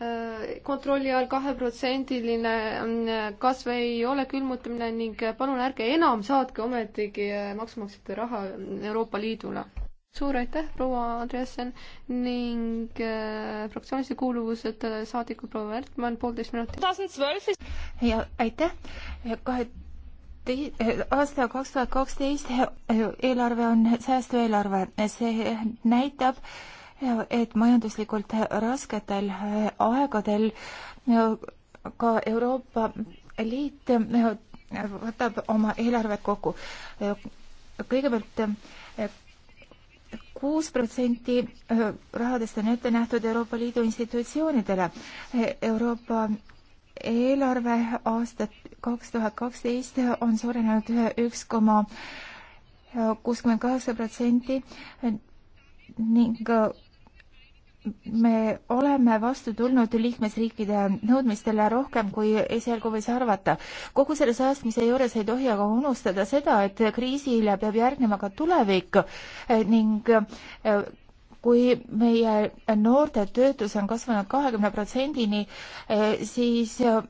äh, kontrolli all kaheprotsendiline äh, kasv ei ole külmutamine ning palun ärge enam saatke ometigi maksumaksjate raha Euroopa Liidule. suur aitäh, proua Andreasen ning äh, fraktsioonilise kuuluvused saadikud proua Ertmann, poolteist minutit. ja aitäh, kahe aasta kaks tuhat kaksteist eh, eelarve on säästueelarve, see näitab, et majanduslikult rasketel eh, aegadel eh, ka Euroopa Liit võtab oma eelarvet kokku. kõigepealt kuus protsenti rahadest on ette nähtud Euroopa Liidu institutsioonidele. Euroopa eelarve aastat kaks tuhat kaksteist on suurenenud üks koma kuuskümmend kaheksa protsenti ning me oleme vastu tulnud liikmesriikide nõudmistele rohkem, kui esialgu võis arvata. kogu selle säästmise juures ei tohi aga unustada seda, et kriisile peab järgnema ka tulevik ning kui meie noorte töötus on kasvanud kahekümne protsendini, eh, siis eh,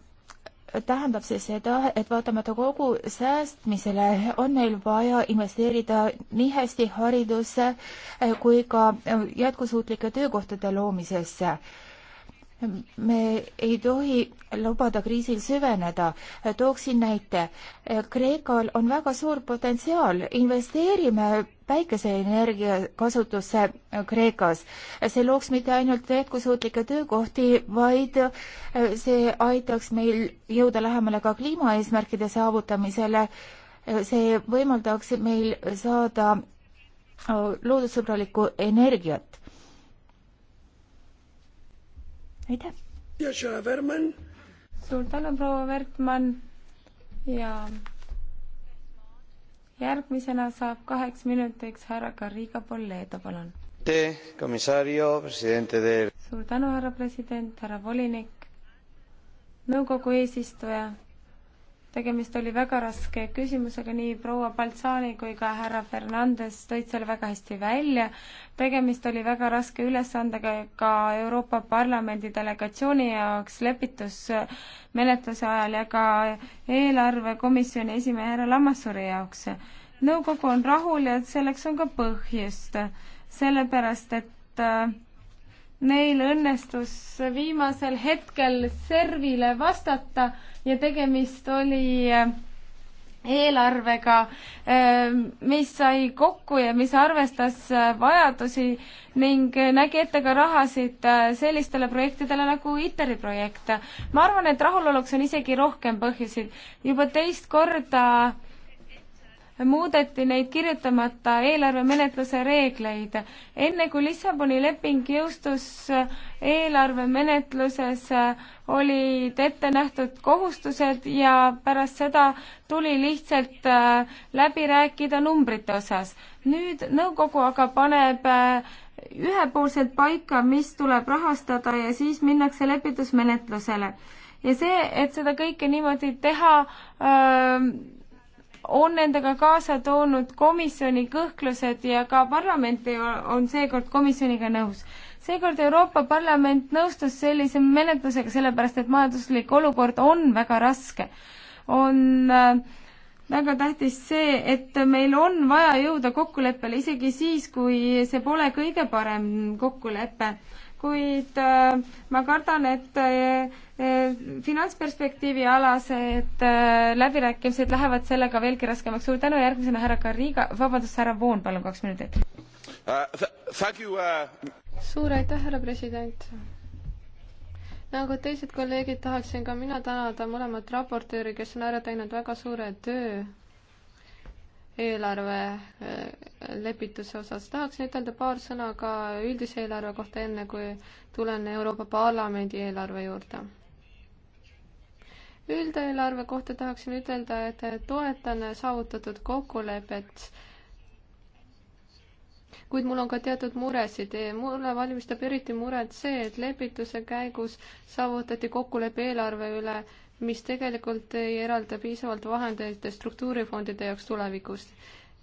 tähendab see seda, et vaatamata kogu säästmisele on neil vaja investeerida nii hästi haridusse eh, kui ka jätkusuutlike töökohtade loomisesse me ei tohi lubada kriisil süveneda. tooksin näite. Kreekal on väga suur potentsiaal, investeerime päikeseenergia kasutusse Kreekas. see looks mitte ainult jätkusuutlikke töökohti, vaid see aitaks meil jõuda lähemale ka kliimaeesmärkide saavutamisele. see võimaldaks meil saada loodussõbralikku energiat aitäh! suur tänu, proua Wertmann ja järgmisena saab kaheks minutiks härra Carriga Polledo, palun. suur tänu, härra president, härra volinik, nõukogu eesistuja tegemist oli väga raske küsimusega, nii proua Baltsani kui ka härra Fernandes tõid selle väga hästi välja. tegemist oli väga raske ülesandega ka Euroopa Parlamendi delegatsiooni jaoks lepitusmenetluse ajal ja ka eelarvekomisjoni esimehe härra Lammassuuri jaoks. nõukogu on rahul ja selleks on ka põhjust, sellepärast et äh, neil õnnestus viimasel hetkel servile vastata ja tegemist oli äh, eelarvega, äh, mis sai kokku ja mis arvestas äh, vajadusi ning nägi ette ka rahasid sellistele projektidele nagu ITER-i projekt. ma arvan, et rahuloluks on isegi rohkem põhjuseid. juba teist korda muudeti neid kirjutamata eelarvemenetluse reegleid. enne kui Lissaboni leping jõustus eelarvemenetluses, olid ette nähtud kohustused ja pärast seda tuli lihtsalt äh, läbi rääkida numbrite osas. nüüd nõukogu aga paneb äh, ühepoolselt paika, mis tuleb rahastada ja siis minnakse lepitusmenetlusele. ja see, et seda kõike niimoodi teha öö, äh, on endaga kaasa toonud komisjoni kõhklused ja ka parlament on seekord komisjoniga nõus. seekord Euroopa Parlament nõustus sellise menetlusega, sellepärast et majanduslik olukord on väga raske. on äh, väga tähtis see, et meil on vaja jõuda kokkuleppele isegi siis, kui see pole kõige parem kokkulepe. kuid äh, ma kardan, et äh, Eh, finantsperspektiivi alased eh, läbirääkimised lähevad sellega veelgi raskemaks. suur tänu, järgmisena härra Kariga, vabandust, härra Voon, palun kaks minutit uh,. Uh... suur aitäh, härra president. nagu teised kolleegid, tahaksin ka mina tänada mõlemat raportööri, kes on ära teinud väga suure töö eelarve eh, lepituse osas. tahaksin ütelda paar sõna ka üldise eelarve kohta, enne kui tulen Euroopa Parlamendi eelarve juurde üldeelarve kohta tahaksin ütelda, et toetan saavutatud kokkulepet, kuid mul on ka teatud muresid. mulle valmistab eriti muret see, et lepituse käigus saavutati kokkulepe eelarve üle, mis tegelikult ei eralda piisavalt vahendeid struktuurifondide jaoks tulevikus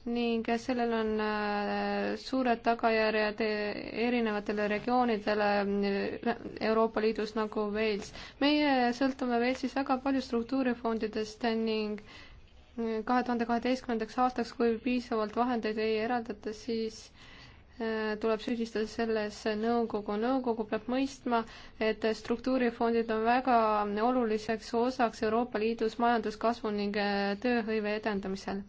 ning sellel on äh, suured tagajärjed e-, erinevatele regioonidele äh, Euroopa Liidus nagu Wales. meie sõltume Walesis väga palju struktuurifondidest ning äh, kahe tuhande kaheteistkümnendaks aastaks, kui piisavalt vahendeid ei eraldata, siis tuleb süüdistada selles nõukogu. nõukogu peab mõistma, et struktuurifondid on väga oluliseks osaks Euroopa Liidus majanduskasvu ning tööhõive edendamisel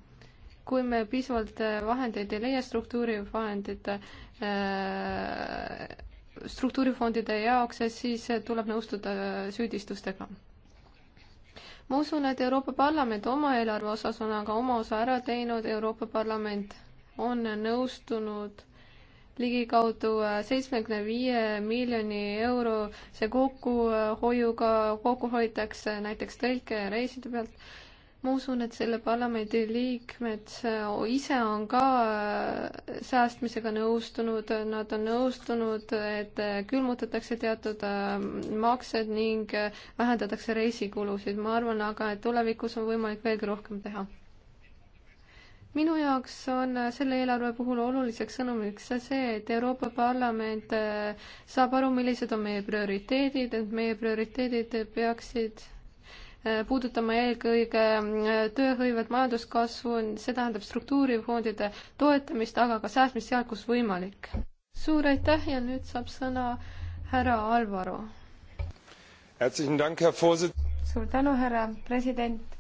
kui me piisavalt äh, vahendeid ei leia struktuurivahendite, äh, struktuurifondide jaoks, siis äh, tuleb nõustuda süüdistustega. ma usun, et Euroopa Parlament oma eelarve osas on aga oma osa ära teinud, Euroopa Parlament on nõustunud ligikaudu seitsmekümne viie miljoni eurose kokkuhoiuga, kokku hoitakse näiteks tõlke ja reiside pealt ma usun, et selle parlamendi liikmed ise on ka äh, säästmisega nõustunud, nad on nõustunud, et äh, külmutatakse teatud äh, maksed ning vähendatakse reisikulusid. ma arvan aga, et tulevikus on võimalik veelgi rohkem teha. minu jaoks on selle eelarve puhul oluliseks sõnumiks see, et Euroopa Parlament saab aru, millised on meie prioriteedid, et meie prioriteedid peaksid Äh, puudutama eelkõige äh, tööhõivet, majanduskasvu, see tähendab struktuurifondide toetamist, aga ka säästmist seal, kus võimalik. suur aitäh ja nüüd saab sõna härra Alvaro. suur tänu, härra president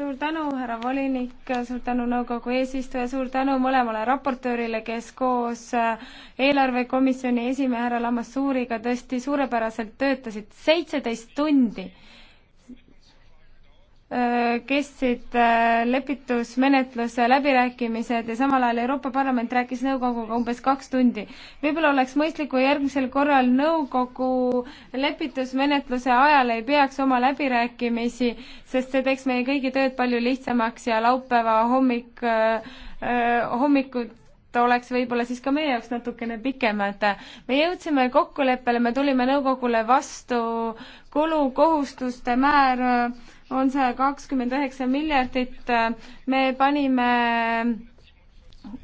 suur tänu, härra volinik, suur tänu nõukogu eesistuja, suur tänu mõlemale raportöörile, kes koos äh, eelarvekomisjoni esimehe härra Lamassuuriga tõesti suurepäraselt töötasid, seitseteist tundi Äh, kestsid äh, lepitusmenetluse läbirääkimised ja samal ajal Euroopa Parlament rääkis nõukoguga umbes kaks tundi. võib-olla oleks mõistlik, kui järgmisel korral nõukogu lepitusmenetluse ajal ei peaks oma läbirääkimisi, sest see teeks meie kõigi tööd palju lihtsamaks ja laupäeva hommik, äh, hommikud oleks võib-olla siis ka meie jaoks natukene pikemad. me jõudsime kokkuleppele, me tulime nõukogule vastu kulukohustuste määr on see kakskümmend üheksa miljardit. Äh, me panime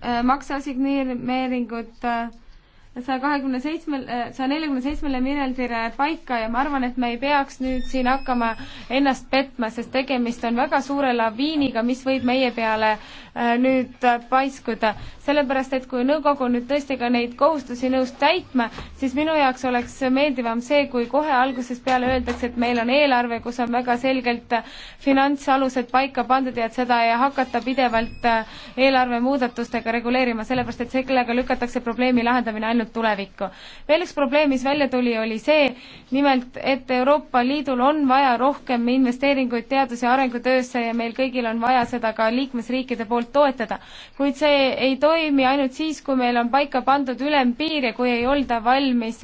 äh, makseassigneeringud äh, saja kahekümne seitsmel, saja neljakümne seitsmele miljardile paika ja ma arvan, et me ei peaks nüüd siin hakkama ennast petma, sest tegemist on väga suure laviiniga, mis võib meie peale Äh, nüüd äh, paiskuda. sellepärast, et kui nõukogu nüüd tõesti ka neid kohustusi nõus täitma, siis minu jaoks oleks meeldivam see, kui kohe algusest peale öeldakse, et meil on eelarve, kus on väga selgelt äh, finantsalused paika pandud ja et seda ei hakata pidevalt eelarve muudatustega reguleerima, sellepärast et sellega lükatakse probleemi lahendamine ainult tulevikku. veel üks probleem, mis välja tuli, oli see, nimelt, et Euroopa Liidul on vaja rohkem investeeringuid teadus- ja arengutöösse ja meil kõigil on vaja seda ka liikmesriikide poolt poolt toetada. kuid see ei toimi ainult siis, kui meil on paika pandud ülempiir ja kui ei olda valmis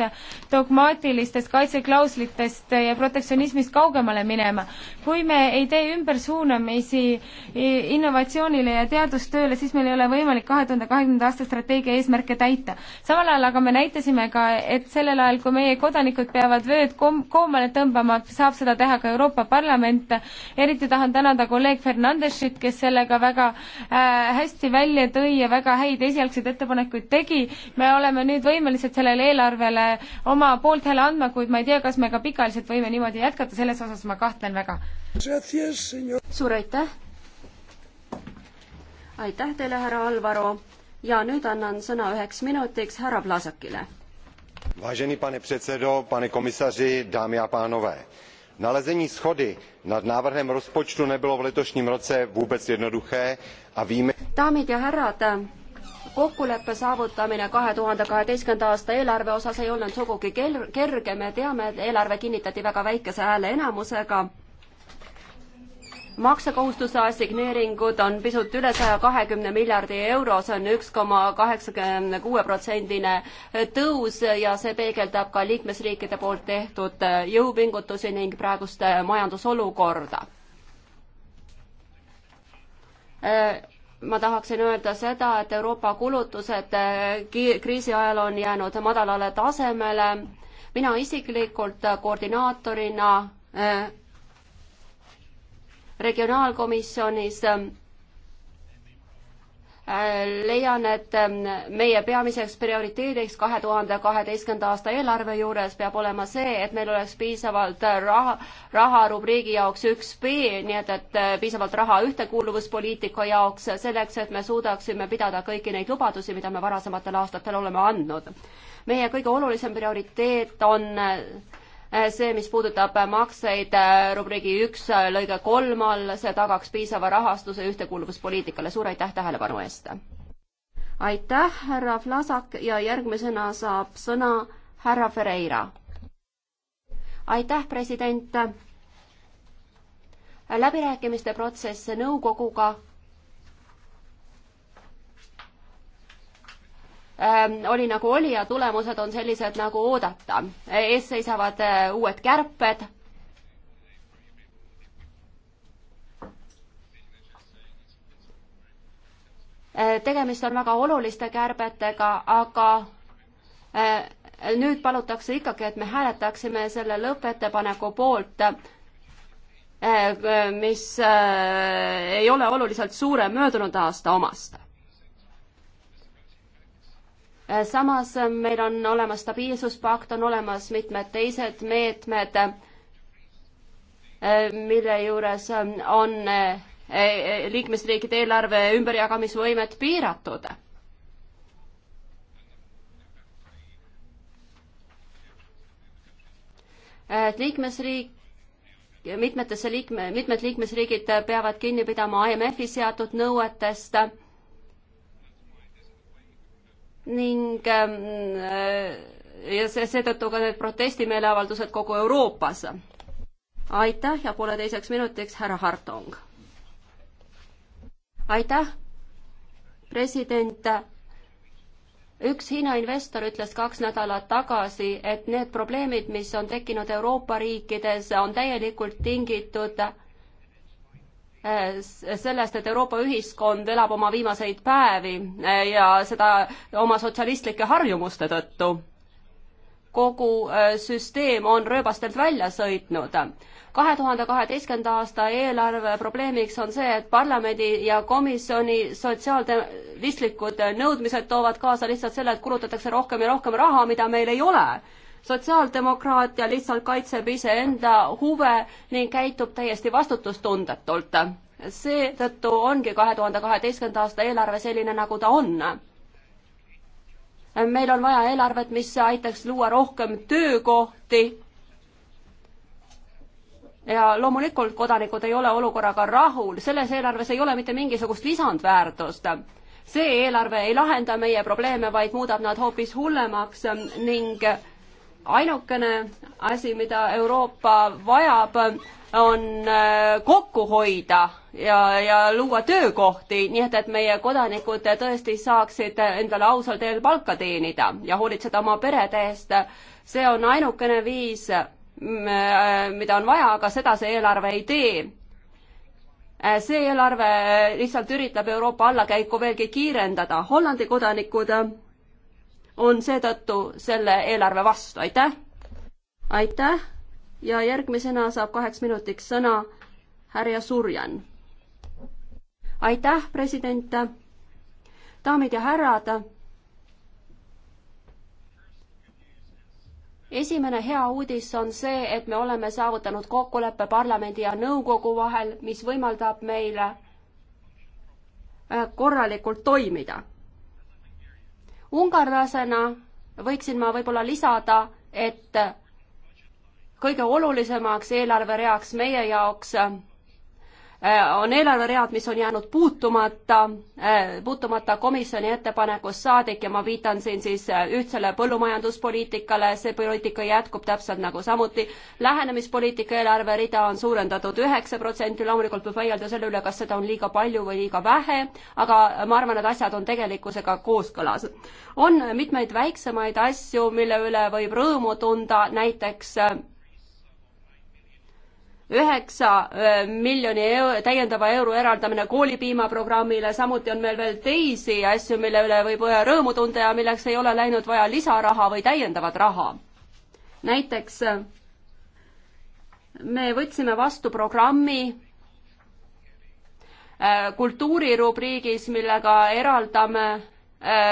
dogmaatilistest kaitseklauslitest ja protektsionismist kaugemale minema. kui me ei tee ümbersuunamisi innovatsioonile ja teadustööle, siis meil ei ole võimalik kahe tuhande kahekümnenda aasta strateegia eesmärke täita. samal ajal aga me näitasime ka, et sellel ajal, kui meie kodanikud peavad vööd kom-, koomale tõmbama, saab seda teha ka Euroopa Parlament, eriti tahan tänada kolleeg Fernandesit, kes sellega väga Äh, hästi välja tõi ja väga häid esialgseid ettepanekuid tegi. me oleme nüüd võimelised sellele eelarvele oma poolthääle andma, kuid ma ei tea, kas me ka pikaajaliselt võime niimoodi jätkata, selles osas ma kahtlen väga. suur aitäh! aitäh teile, härra Alvaro ja nüüd annan sõna üheks minutiks härra Vlasakile. Vážený pane předsedo, pane komisaři, dámy a pánové nalezení shody nad návrhem rozpočtu nebylo v letošním roce vůbec jednoduché a víme daamid ja härrad, kokkuleppe saavutamine kahe tuhande kaheteistkümnenda aasta eelarve osas ei olnud sugugi kerge, me teame, et eelarve kinnitati väga väikese hääle enamusega maksekohustuse assigneeringud on pisut üle saja kahekümne miljardi euro, see on üks koma kaheksakümne kuue protsendine tõus ja see peegeldab ka liikmesriikide poolt tehtud jõupingutusi ning praegust majandusolukorda. ma tahaksin öelda seda, et Euroopa kulutused kriisi ajal on jäänud madalale tasemele. mina isiklikult koordinaatorina regionaalkomisjonis leian, et meie peamiseks prioriteediks kahe tuhande kaheteistkümnenda aasta eelarve juures peab olema see, et meil oleks piisavalt raha, raha rubriigi jaoks üks B, nii et, et piisavalt raha ühtekuuluvuspoliitika jaoks, selleks, et me suudaksime pidada kõiki neid lubadusi, mida me varasematel aastatel oleme andnud. meie kõige olulisem prioriteet on Äh, see, mis puudutab äh, makseid äh, rubriigi üks lõige kolm all, see tagaks piisava rahastuse ühtekuuluvuspoliitikale. suur aitäh tähelepanu eest! aitäh, härra Vlasak ja järgmisena saab sõna härra Ferreira. aitäh, president! läbirääkimiste protsess nõukoguga Ähm, oli nagu oli ja tulemused on sellised nagu oodata. ees seisavad äh, uued kärped. Äh, tegemist on väga oluliste kärbetega, aga äh, nüüd palutakse ikkagi, et me hääletaksime selle lõppettepaneku poolt mis ei ole oluliselt suurem möödunud aasta omast. Äh, samas äh, meil on olemas stabiilsuspakt, on olemas mitmed teised meetmed, äh, mille juures on liikmesriikide eelarve ümberjagamisvõimet piiratud. et liikmesriik, mitmetesse liikme, mitmed liikmesriigid peavad kinni pidama IMF-i seatud nõuetest ning ähm, äh, ja see, seetõttu ka need protestimeeleavaldused kogu Euroopas. aitäh ja pooleteiseks minutiks härra Hartong. aitäh, president. üks Hiina investor ütles kaks nädalat tagasi, et need probleemid, mis on tekkinud Euroopa riikides, on täielikult tingitud sellest, et Euroopa ühiskond elab oma viimaseid päevi e, ja seda oma sotsialistlike harjumuste tõttu. kogu e, süsteem on rööbastelt välja sõitnud kahe tuhande kaheteistkümnenda aasta eelarve probleemiks on see, et parlamendi ja komisjoni sotsiaalistlikud nõudmised toovad kaasa lihtsalt selle, et kulutatakse rohkem ja rohkem raha, mida meil ei ole sotsiaaldemokraatia lihtsalt kaitseb iseenda huve ning käitub täiesti vastutustundetult. seetõttu ongi kahe tuhande kaheteistkümnenda aasta eelarve selline, nagu ta on. meil on vaja eelarvet, mis aitaks luua rohkem töökohti ja loomulikult kodanikud ei ole olukorraga rahul, selles eelarves ei ole mitte mingisugust lisandväärtust. see eelarve ei lahenda meie probleeme, vaid muudab nad hoopis hullemaks ning ainukene asi, mida Euroopa vajab, on äh, kokku hoida ja, ja luua töökohti, nii et, et meie kodanikud tõesti saaksid endale ausal teel palka teenida ja hoolitseda oma perede eest. see on ainukene viis, mm, äh, mida on vaja, aga seda see eelarve ei tee äh, see eelarve lihtsalt üritab Euroopa allakäiku veelgi kiirendada. Hollandi kodanikud on seetõttu selle eelarve vastu, aitäh! aitäh ja järgmisena saab kaheks minutiks sõna härja Surjan. aitäh, president! daamid ja härrad! esimene hea uudis on see, et me oleme saavutanud kokkuleppe parlamendi ja nõukogu vahel, mis võimaldab meile äh, korralikult toimida ungarlasena võiksin ma võib-olla lisada, et kõige olulisemaks eelarvereaks meie jaoks Äh, on eelarveread, mis on jäänud puutumata, äh, puutumata komisjoni ettepanekust saadik ja ma viitan siin siis äh, ühtsele põllumajanduspoliitikale, see poliitika jätkub täpselt nagu samuti. lähenemispoliitika eelarverida on suurendatud üheksa protsenti, loomulikult võib vaielda selle üle, kas seda on liiga palju või liiga vähe, aga ma arvan, et asjad on tegelikkusega kooskõlas. on mitmeid väiksemaid asju, mille üle võib rõõmu tunda, näiteks üheksa miljoni euro, täiendava euro eraldamine koolipiimaprogrammile, samuti on meil veel teisi asju, mille üle võib rõõmu tunda ja milleks ei ole läinud vaja lisaraha või täiendavat raha. näiteks me võtsime vastu programmi kultuurirubriigis, millega eraldame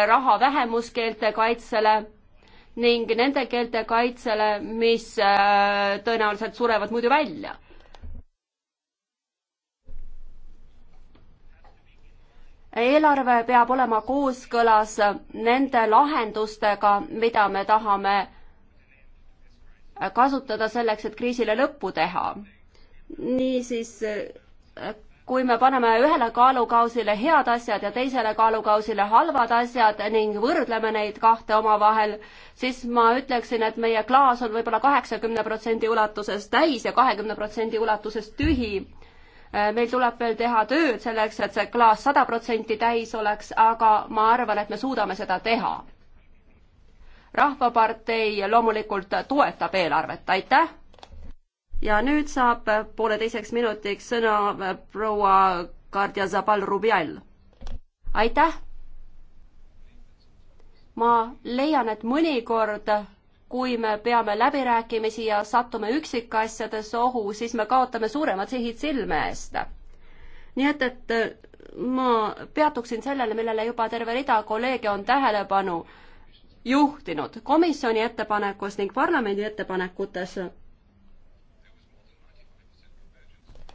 raha vähemuskeelte kaitsele ning nende keelte kaitsele, mis tõenäoliselt surevad muidu välja. eelarve peab olema kooskõlas nende lahendustega, mida me tahame kasutada selleks, et kriisile lõppu teha. niisiis, kui me paneme ühele kaalukausile head asjad ja teisele kaalukausile halvad asjad ning võrdleme neid kahte omavahel, siis ma ütleksin, et meie klaas on võib-olla kaheksakümne protsendi ulatuses täis ja kahekümne protsendi ulatuses tühi Äh, meil tuleb veel teha tööd selleks, et see klaas sada protsenti täis oleks, aga ma arvan, et me suudame seda teha. rahvapartei loomulikult toetab eelarvet, aitäh! ja nüüd saab pooleteiseks minutiks sõna proua Kardia Zabal-Rubial. aitäh! ma leian, et mõnikord kui me peame läbirääkimisi ja satume üksikasjades ohu, siis me kaotame suuremad sihid silme eest. nii et, et äh, ma peatuksin sellele, millele juba terve rida kolleege on tähelepanu juhtinud komisjoni ettepanekus ning parlamendi ettepanekutes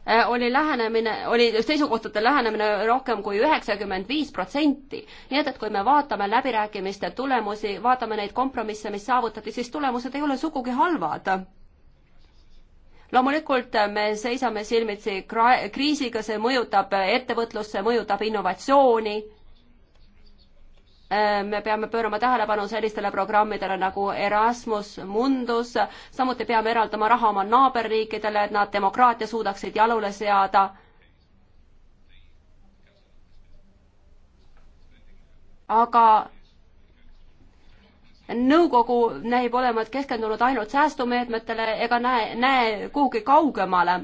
Äh, oli lähenemine, oli seisukohtade lähenemine rohkem kui üheksakümmend viis protsenti. nii et, et kui me vaatame läbirääkimiste tulemusi, vaatame neid kompromisse, mis saavutati, siis tulemused ei ole sugugi halvad. loomulikult äh, me seisame silmitsi kriisiga, see mõjutab äh, ettevõtlust, see mõjutab innovatsiooni Äh, me peame pöörama tähelepanu sellistele programmidele nagu Erasmus Mundus, samuti peame eraldama raha oma naaberriikidele, et nad demokraatia suudaksid jalule seada. aga nõukogu näib olevat keskendunud ainult säästumeetmetele ega näe, näe kuhugi kaugemale.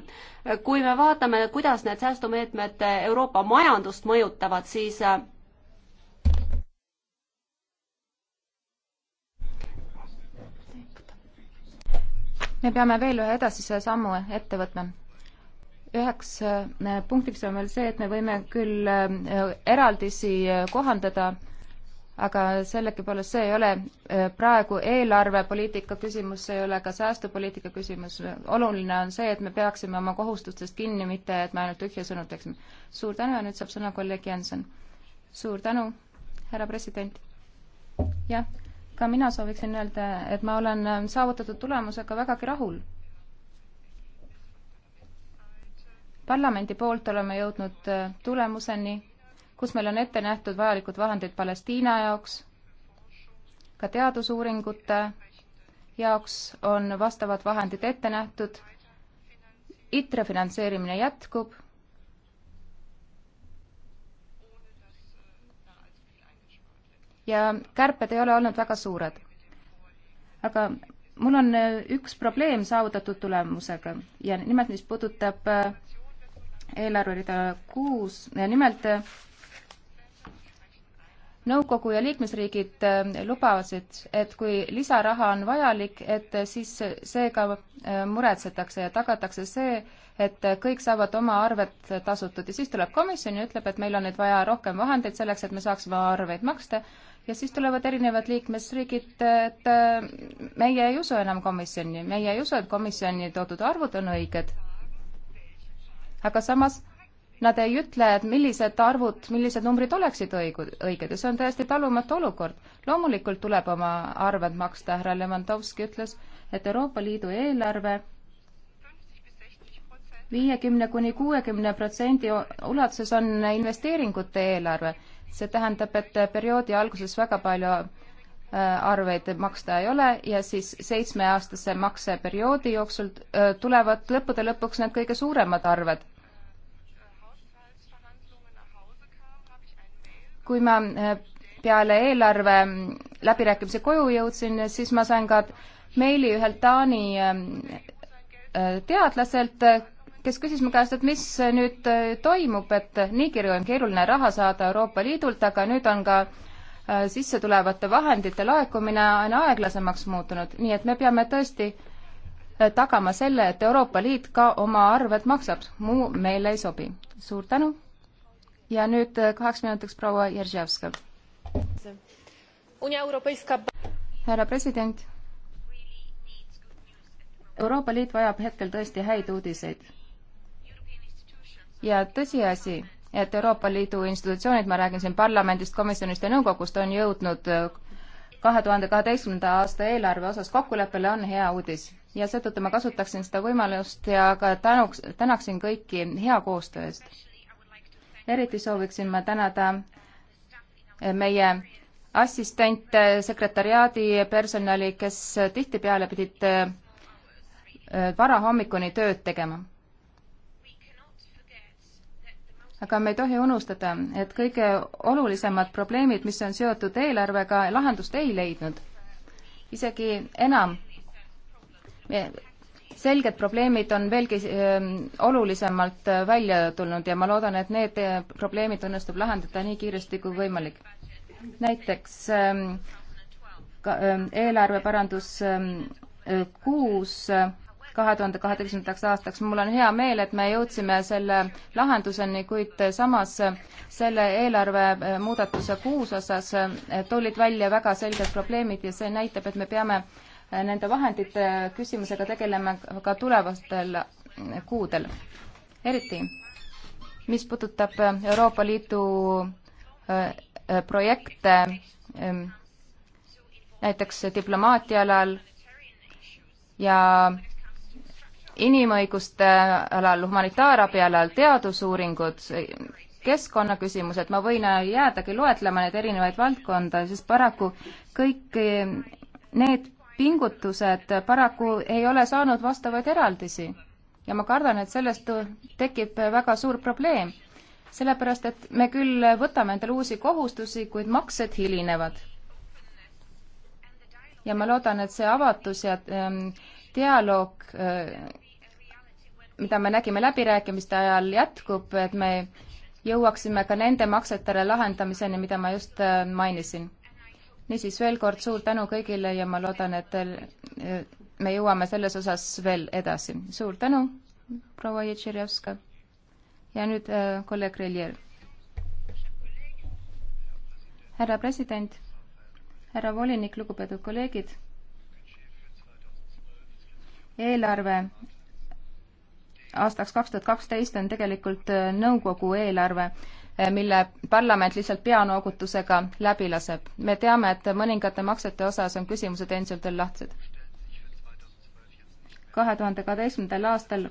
kui me vaatame, kuidas need säästumeetmed Euroopa majandust mõjutavad, siis äh, me peame veel ühe edasise sammu ette võtma. üheks äh, punktiks on veel see, et me võime küll äh, eraldisi äh, kohandada, aga sellegipoolest see ei ole praegu eelarvepoliitika küsimus, see ei ole ka säästupoliitika küsimus. oluline on see, et me peaksime oma kohustustest kinni, mitte et me ainult tühja sõnu teeksime. suur tänu ja nüüd saab sõna kolleeg Jensen. suur tänu, härra president. jah ka mina sooviksin öelda, et ma olen ähm, saavutatud tulemusega vägagi rahul. parlamendi poolt oleme jõudnud äh, tulemuseni, kus meil on ette nähtud vajalikud vahendid Palestiina jaoks, ka teadusuuringute jaoks on vastavad vahendid ette nähtud, ITRE finantseerimine jätkub ja kärped ei ole olnud väga suured. aga mul on äh, üks probleem saavutatud tulemusega ja nimelt, mis puudutab äh, eelarverida kuus, nimelt äh, nõukogu ja liikmesriigid lubasid, et kui lisaraha on vajalik, et siis seega muretsetakse ja tagatakse see, et kõik saavad oma arved tasutud ja siis tuleb komisjon ja ütleb, et meil on nüüd vaja rohkem vahendeid selleks, et me saaksime arveid maksta, ja siis tulevad erinevad liikmesriigid, et äh, meie ei usu enam komisjoni, meie ei usu, et komisjoni toodud arvud on õiged. aga samas nad ei ütle, et millised arvud, millised numbrid oleksid õigud, õiged ja see on täiesti talumatu olukord. loomulikult tuleb oma arved maksta, härra Levanovski ütles, et Euroopa Liidu eelarve viiekümne kuni kuuekümne protsendi ulatuses on investeeringute eelarve see tähendab, et perioodi alguses väga palju äh, arveid maksta ei ole ja siis seitsmeaastase makseperioodi jooksul äh, tulevad lõppude lõpuks need kõige suuremad arved kui ma äh, peale eelarve läbirääkimise koju jõudsin, siis ma sain ka meili ühelt Taani teadlaselt, kes küsis mu käest, et mis nüüd äh, toimub, et niikirju on keeruline raha saada Euroopa Liidult, aga nüüd on ka äh, sissetulevate vahendite laekumine aina aeglasemaks muutunud, nii et me peame tõesti äh, tagama selle, et Euroopa Liit ka oma arved maksab, muu meile ei sobi. suur tänu ja nüüd kaheks minutiks proua Jerževska. härra president Euroopa Liit vajab hetkel tõesti häid uudiseid ja tõsiasi, et Euroopa Liidu institutsioonid, ma räägin siin parlamendist, komisjonist ja nõukogust, on jõudnud äh, kahe tuhande kaheteistkümnenda aasta eelarve osas kokkuleppele, on hea uudis. ja seetõttu ma kasutaksin seda võimalust ja ka tänuks, tänaksin kõiki hea koostöö eest. eriti sooviksin ma tänada äh, meie assistente, sekretariaadi personali, kes tihtipeale pidid äh, varahommikuni tööd tegema aga me ei tohi unustada, et kõige olulisemad probleemid, mis on seotud eelarvega, lahendust ei leidnud. isegi enam, selged probleemid on veelgi ehm, olulisemalt äh, välja tulnud ja ma loodan, et need äh, probleemid õnnestub lahendada nii kiiresti kui võimalik. näiteks ehm, ehm, eelarve parandus kuus kahe tuhande kaheteistkümnendaks aastaks. mul on hea meel, et me jõudsime selle lahenduseni, kuid samas selle eelarve äh, muudatuse kuus osas äh, tulid välja väga selged probleemid ja see näitab, et me peame äh, nende vahendite küsimusega tegeleme ka tulevastel kuudel. eriti, mis puudutab Euroopa Liidu projekte ähm, näiteks diplomaatia alal ja inimõiguste alal, humanitaarabi alal, teadusuuringud, keskkonnaküsimused, ma võin jäädagi loetlema neid erinevaid valdkonda, sest paraku kõik need pingutused paraku ei ole saanud vastavaid eraldisi. ja ma kardan, et sellest tekib väga suur probleem. sellepärast, et me küll võtame endale uusi kohustusi, kuid maksed hilinevad. ja ma loodan, et see avatus ja ähm, dialoog äh, mida me nägime läbirääkimiste ajal, jätkub, et me jõuaksime ka nende maksetele lahendamiseni, mida ma just äh, mainisin. niisiis, veel kord suur tänu kõigile ja ma loodan, et äh, me jõuame selles osas veel edasi. suur tänu, proua Jetširjevska. ja nüüd äh, kolleeg Reljev. härra president, härra volinik, lugupeetud kolleegid. eelarve aastaks kaks tuhat kaksteist on tegelikult äh, nõukogu eelarve, äh, mille parlament lihtsalt peanoogutusega läbi laseb. me teame, et mõningate maksete osas on küsimused endiselt veel lahtised. kahe tuhande kaheteistkümnendal aastal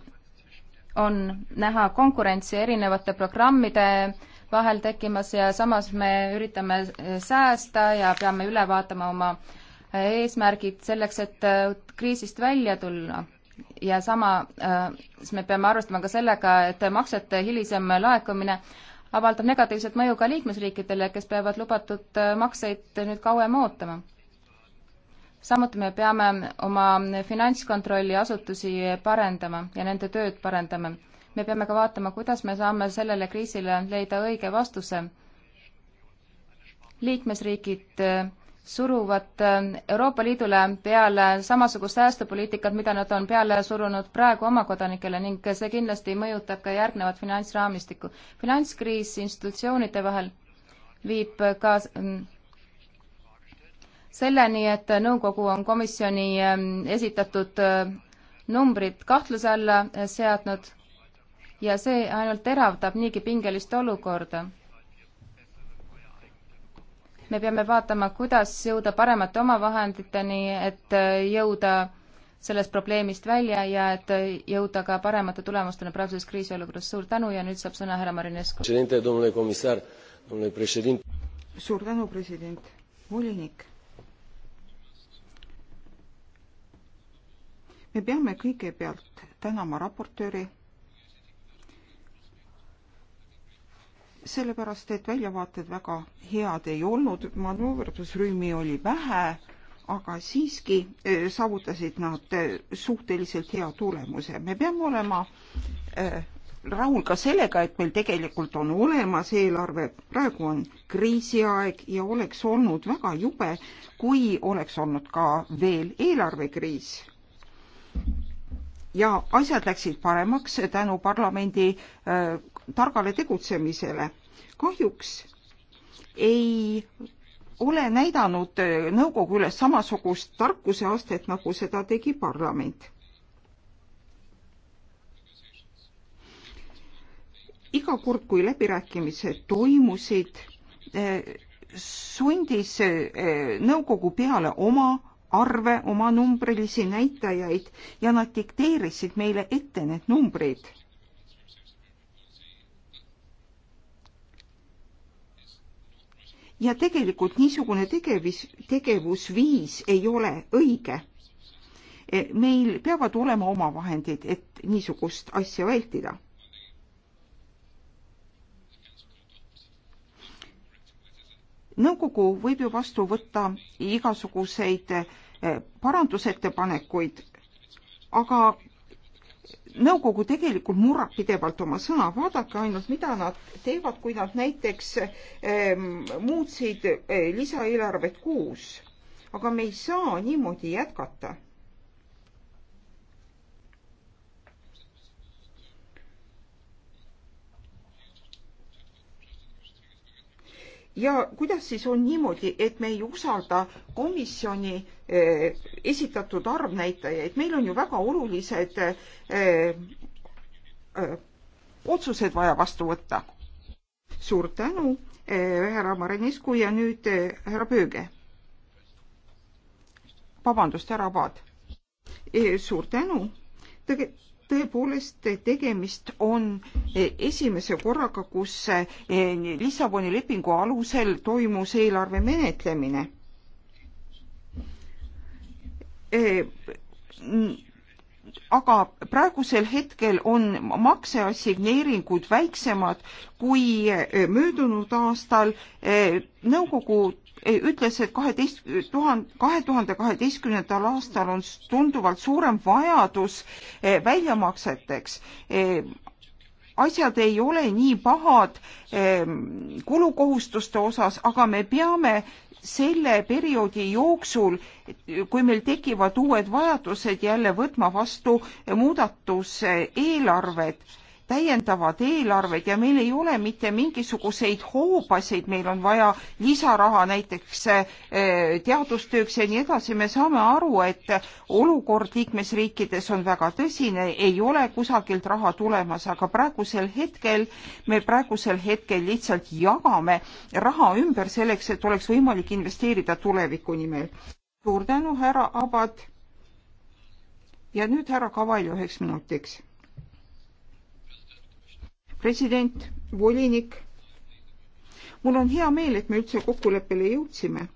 on näha konkurentsi erinevate programmide vahel tekkimas ja samas me üritame äh, säästa ja peame üle vaatama oma eesmärgid selleks, et kriisist välja tulla ja sama, siis äh, me peame arvestama ka sellega, et maksete hilisem laekumine avaldab negatiivset mõju ka liikmesriikidele, kes peavad lubatud äh, makseid nüüd kauem ootama. samuti me peame oma finantskontrolli asutusi parendama ja nende tööd parendama. me peame ka vaatama, kuidas me saame sellele kriisile leida õige vastuse. liikmesriigid äh, suruvad äh, Euroopa Liidule peale samasugust säästupoliitikat, mida nad on peale surunud praegu oma kodanikele ning see kindlasti mõjutab ka järgnevat finantsraamistikku. finantskriis institutsioonide vahel viib ka mm, selleni, et nõukogu on komisjoni ähm, esitatud äh, numbrid kahtluse alla äh, seadnud ja see ainult teravdab niigi pingelist olukorda me peame vaatama, kuidas jõuda paremate omavahenditeni, et äh, jõuda sellest probleemist välja ja et äh, jõuda ka paremate tulemusteni praeguses kriisiolukorras. suur tänu ja nüüd saab sõna härra Marinescu. suur tänu, president, volinik. me peame kõigepealt tänama raportööri sellepärast, et väljavaated väga head ei olnud, manööverdusrühmi oli vähe, aga siiski eh, saavutasid nad eh, suhteliselt hea tulemuse. me peame olema eh, rahul ka sellega, et meil tegelikult on olemas eelarve, praegu on kriisiaeg ja oleks olnud väga jube, kui oleks olnud ka veel eelarvekriis. ja asjad läksid paremaks tänu parlamendi targale tegutsemisele. kahjuks ei ole näidanud äh, nõukogu üles samasugust tarkuse astet, nagu seda tegi parlament. iga kord, kui läbirääkimised toimusid, äh, sundis äh, nõukogu peale oma arve, oma numbrilisi näitajaid ja nad dikteerisid meile ette need numbrid ja tegelikult niisugune tegevus, tegevusviis ei ole õige. E, meil peavad olema omavahendid, et niisugust asja vältida. nõukogu võib ju vastu võtta igasuguseid e, parandusettepanekuid, aga nõukogu tegelikult murrab pidevalt oma sõna, vaadake ainult, mida nad teevad, kui nad näiteks ähm, muutsid äh, lisaeelarvet kuus. aga me ei saa niimoodi jätkata ja kuidas siis on niimoodi, et me ei usalda komisjoni eh, esitatud arvnäitajaid, meil on ju väga olulised eh, eh, otsused vaja vastu võtta. suur tänu, härra Marinescu ja nüüd härra Pööge. vabandust, härra Paad. suur tänu tõepoolest tegemist on e, esimese korraga, kus e, Lissaboni lepingu alusel toimus eelarve menetlemine e, aga praegusel hetkel on makseassigneeringud väiksemad kui eh, möödunud aastal. Eh, nõukogu eh, ütles, et kaheteist tuhande, kahe tuhande kaheteistkümnendal aastal on tunduvalt suurem vajadus väljamakseteks asjad ei ole nii pahad kulukohustuste osas, aga me peame selle perioodi jooksul, kui meil tekivad uued vajadused, jälle võtma vastu muudatuseelarved täiendavad eelarved ja meil ei ole mitte mingisuguseid hoobasid, meil on vaja lisaraha näiteks eh, teadustööks ja nii edasi, me saame aru, et olukord liikmesriikides on väga tõsine, ei ole kusagilt raha tulemas, aga praegusel hetkel, me praegusel hetkel lihtsalt jagame raha ümber selleks, et oleks võimalik investeerida tuleviku nimel. suur tänu, härra Abad. ja nüüd härra Kavaljo üheks minutiks president, volinik. mul on hea meel, et me üldse kokkuleppele jõudsime.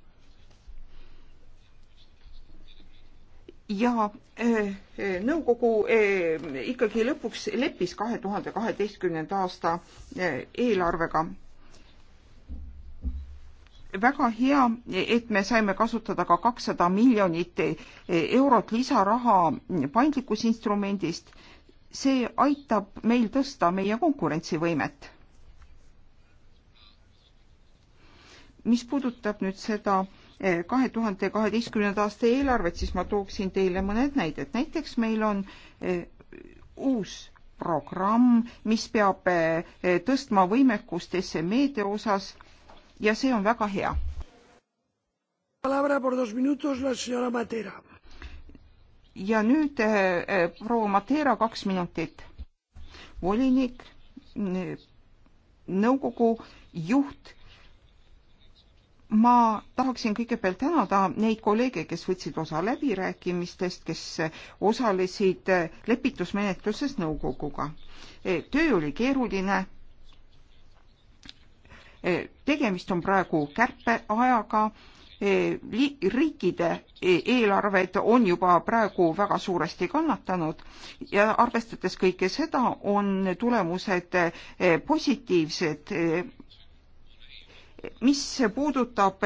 ja äh, äh, nõukogu äh, ikkagi lõpuks leppis kahe tuhande kaheteistkümnenda aasta eelarvega väga hea, et me saime kasutada ka kakssada miljonit eurot lisaraha paindlikkusinstrumendist see aitab meil tõsta meie konkurentsivõimet. mis puudutab nüüd seda eh, kahe tuhande kaheteistkümnenda aasta eelarvet, siis ma tooksin teile mõned näited. näiteks meil on eh, uus programm, mis peab eh, tõstma võimekust SME-de osas ja see on väga hea. Palabra por dos minutos la señora Matera ja nüüd eh, eh, proua Matera kaks minutit. volinik, nõukogu juht. ma tahaksin kõigepealt tänada neid kolleege, kes võtsid osa läbirääkimistest, kes osalesid eh, lepitusmenetluses nõukoguga. töö oli keeruline tegemist on praegu kärpeajaga E, riikide e, eelarved on juba praegu väga suuresti kannatanud ja arvestades kõike seda, on tulemused e, positiivsed. mis puudutab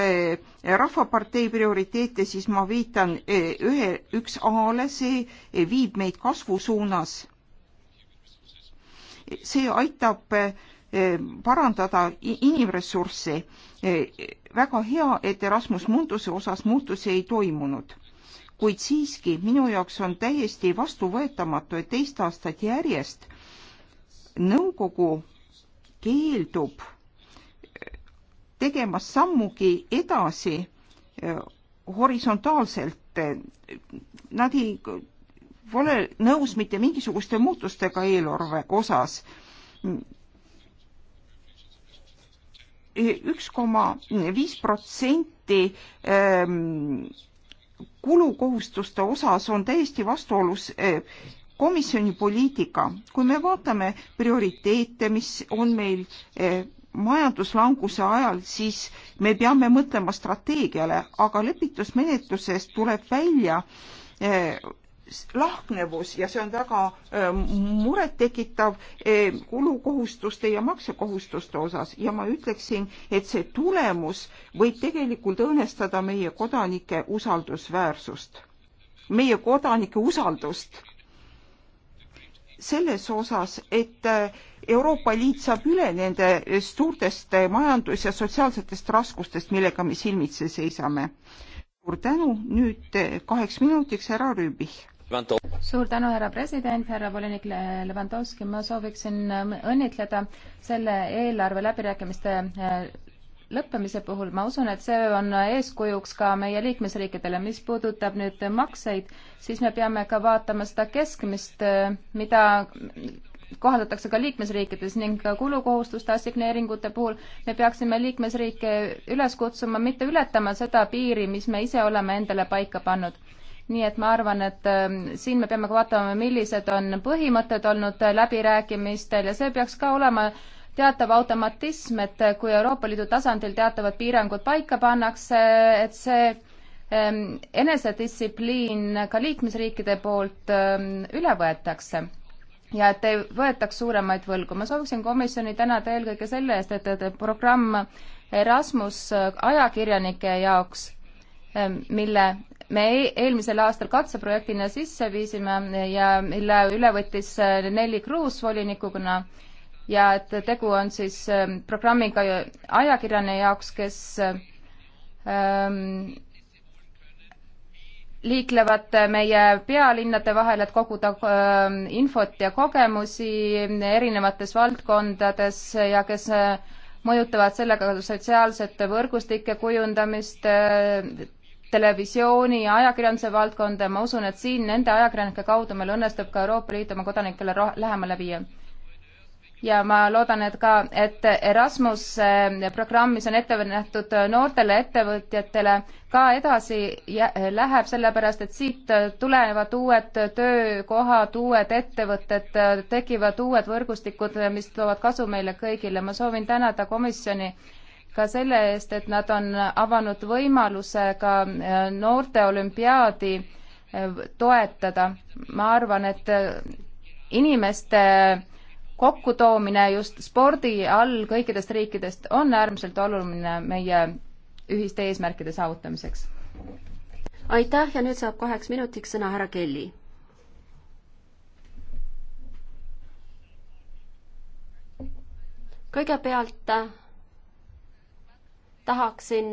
Rahvapartei prioriteete, siis ma viitan ühe, üks A-le, see viib meid kasvu suunas. see aitab parandada inimressurssi väga hea, et Erasmus Munduse osas muutusi ei toimunud, kuid siiski minu jaoks on täiesti vastuvõetamatu, et teist aastat järjest nõukogu keeldub tegemas sammugi edasi eh, horisontaalselt. Nad ei pole nõus mitte mingisuguste muutustega eelarve osas üks koma viis protsenti ähm, kulukohustuste osas on täiesti vastuolus äh, komisjoni poliitika. kui me vaatame prioriteete, mis on meil äh, majanduslanguse ajal, siis me peame mõtlema strateegiale, aga lepitusmenetlusest tuleb välja äh, lahknevus ja see on väga murettekitav kulukohustuste ja maksekohustuste osas ja ma ütleksin, et see tulemus võib tegelikult õõnestada meie kodanike usaldusväärsust, meie kodanike usaldust selles osas, et Euroopa Liit saab üle nende suurtest majandus- ja sotsiaalsetest raskustest, millega me silmitsi seisame. suur tänu, nüüd kaheks minutiks härra Rüübich suur tänu, härra president, härra volinik Levanovski, ma sooviksin õnnitleda selle eelarve läbirääkimiste äh, lõppemise puhul, ma usun, et see on eeskujuks ka meie liikmesriikidele, mis puudutab nüüd makseid, siis me peame ka vaatama seda keskmist, äh, mida kohaldatakse ka liikmesriikides ning ka kulukohustuste assigneeringute puhul me peaksime liikmesriike üles kutsuma mitte ületama seda piiri, mis me ise oleme endale paika pannud nii et ma arvan, et ähm, siin me peame ka vaatama, millised on põhimõtted olnud äh, läbirääkimistel ja see peaks ka olema teatav automatism, et äh, kui Euroopa Liidu tasandil teatavad piirangud paika pannakse, et see ähm, enesedistsipliin ka liikmesriikide poolt ähm, üle võetakse ja et ei võetaks suuremaid võlgu. ma sooviksin komisjoni tänada eelkõige selle eest, et, et programm Erasmus äh, ajakirjanike jaoks, mille me eelmisel aastal katseprojektina sisse viisime ja mille üle võttis äh, Nelli Kruus volinikuna ja et tegu on siis äh, programmiga ajakirjane jaoks, kes ähm, liiklevad meie pealinnade vahel, et koguda ähm, infot ja kogemusi erinevates valdkondades ja kes äh, mõjutavad sellega sotsiaalsete võrgustike kujundamist äh,, televisiooni ja ajakirjanduse valdkonda ja ma usun, et siin nende ajakirjanike kaudu meil õnnestub ka Euroopa Liit oma kodanikele lähemale viia ja ma loodan, et ka, et Erasmus eh, programm, mis on ette nähtud eh, noortele ettevõtjatele, ka edasi eh, läheb, sellepärast et siit tulevad uued töökohad, uued ettevõtted, tekivad uued võrgustikud, mis toovad kasu meile kõigile. ma soovin tänada komisjoni ka selle eest, et nad on avanud võimaluse ka äh, noorte olümpiaadi äh, toetada. ma arvan, et äh, inimeste kokkutoomine just spordi all kõikidest riikidest on äärmiselt oluline meie ühiste eesmärkide saavutamiseks. aitäh ja nüüd saab kaheks minutiks sõna härra Kelly. kõigepealt tahaksin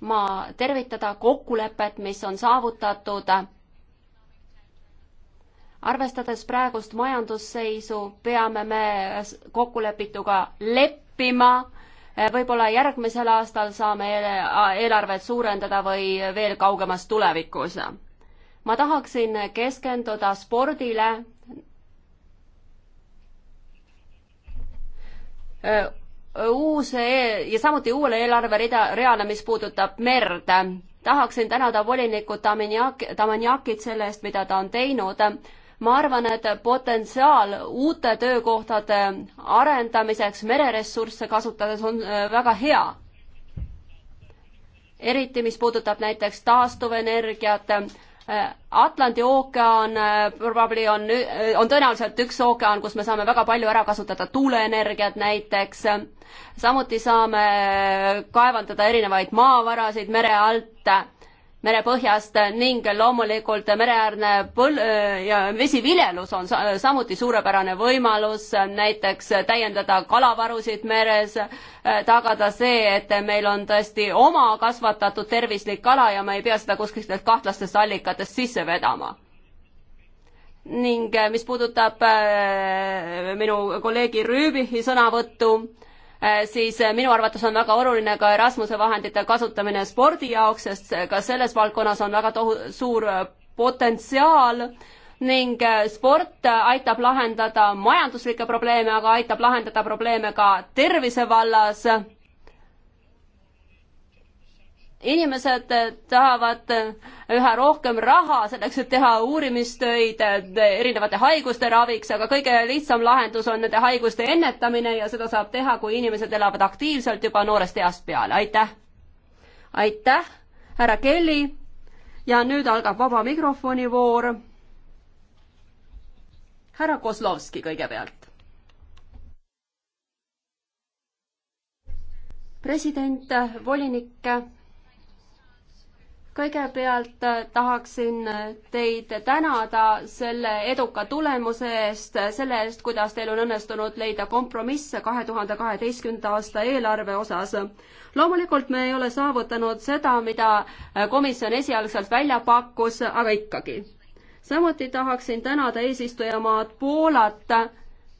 ma tervitada kokkulepet, mis on saavutatud. arvestades praegust majandusseisu, peame me kokkulepituga leppima. võib-olla järgmisel aastal saame eelarvet suurendada või veel kaugemas tulevikus. ma tahaksin keskenduda spordile uus ja samuti uuele eelarverida, reale, mis puudutab merd. tahaksin tänada volinikku Tamanjak-, Tamanjakit selle eest, mida ta on teinud. ma arvan, et potentsiaal uute töökohtade arendamiseks mereressursse kasutades on äh, väga hea. eriti, mis puudutab näiteks taastuvenergiat Atlandi ookean äh, probably on, äh, on tõenäoliselt üks ookean, kus me saame väga palju ära kasutada tuuleenergiat näiteks. samuti saame kaevandada erinevaid maavarasid mere alt merepõhjast ning loomulikult mereäärne põl- äh, ja vesiviljelus on samuti suurepärane võimalus näiteks täiendada kalavarusid meres, äh, tagada see, et meil on tõesti oma kasvatatud tervislik kala ja me ei pea seda kuskilt kahtlastest allikatest sisse vedama ning äh, mis puudutab minu kolleegi Rüübi sõnavõttu, Äh, siis äh, minu arvates on väga oluline ka Erasmuse vahendite kasutamine spordi jaoks, sest ka selles valdkonnas on väga tohu-, suur äh, potentsiaal ning sport aitab lahendada majanduslikke probleeme, aga aitab lahendada probleeme ka tervise vallas inimesed tahavad üha rohkem raha selleks, et teha uurimistöid erinevate haiguste raviks, aga kõige lihtsam lahendus on nende haiguste ennetamine ja seda saab teha, kui inimesed elavad aktiivselt juba noorest east peale, aitäh. aitäh, härra Kelly. ja nüüd algab vaba mikrofoni voor. härra Kozlovski kõigepealt. president, volinik kõigepealt äh, tahaksin äh, teid tänada selle eduka tulemuse eest, äh, selle eest, kuidas teil on õnnestunud leida kompromisse kahe tuhande kaheteistkümnenda aasta eelarve osas. loomulikult me ei ole saavutanud seda, mida komisjon esialgselt välja pakkus, aga ikkagi. samuti tahaksin tänada eesistujamaad Poolat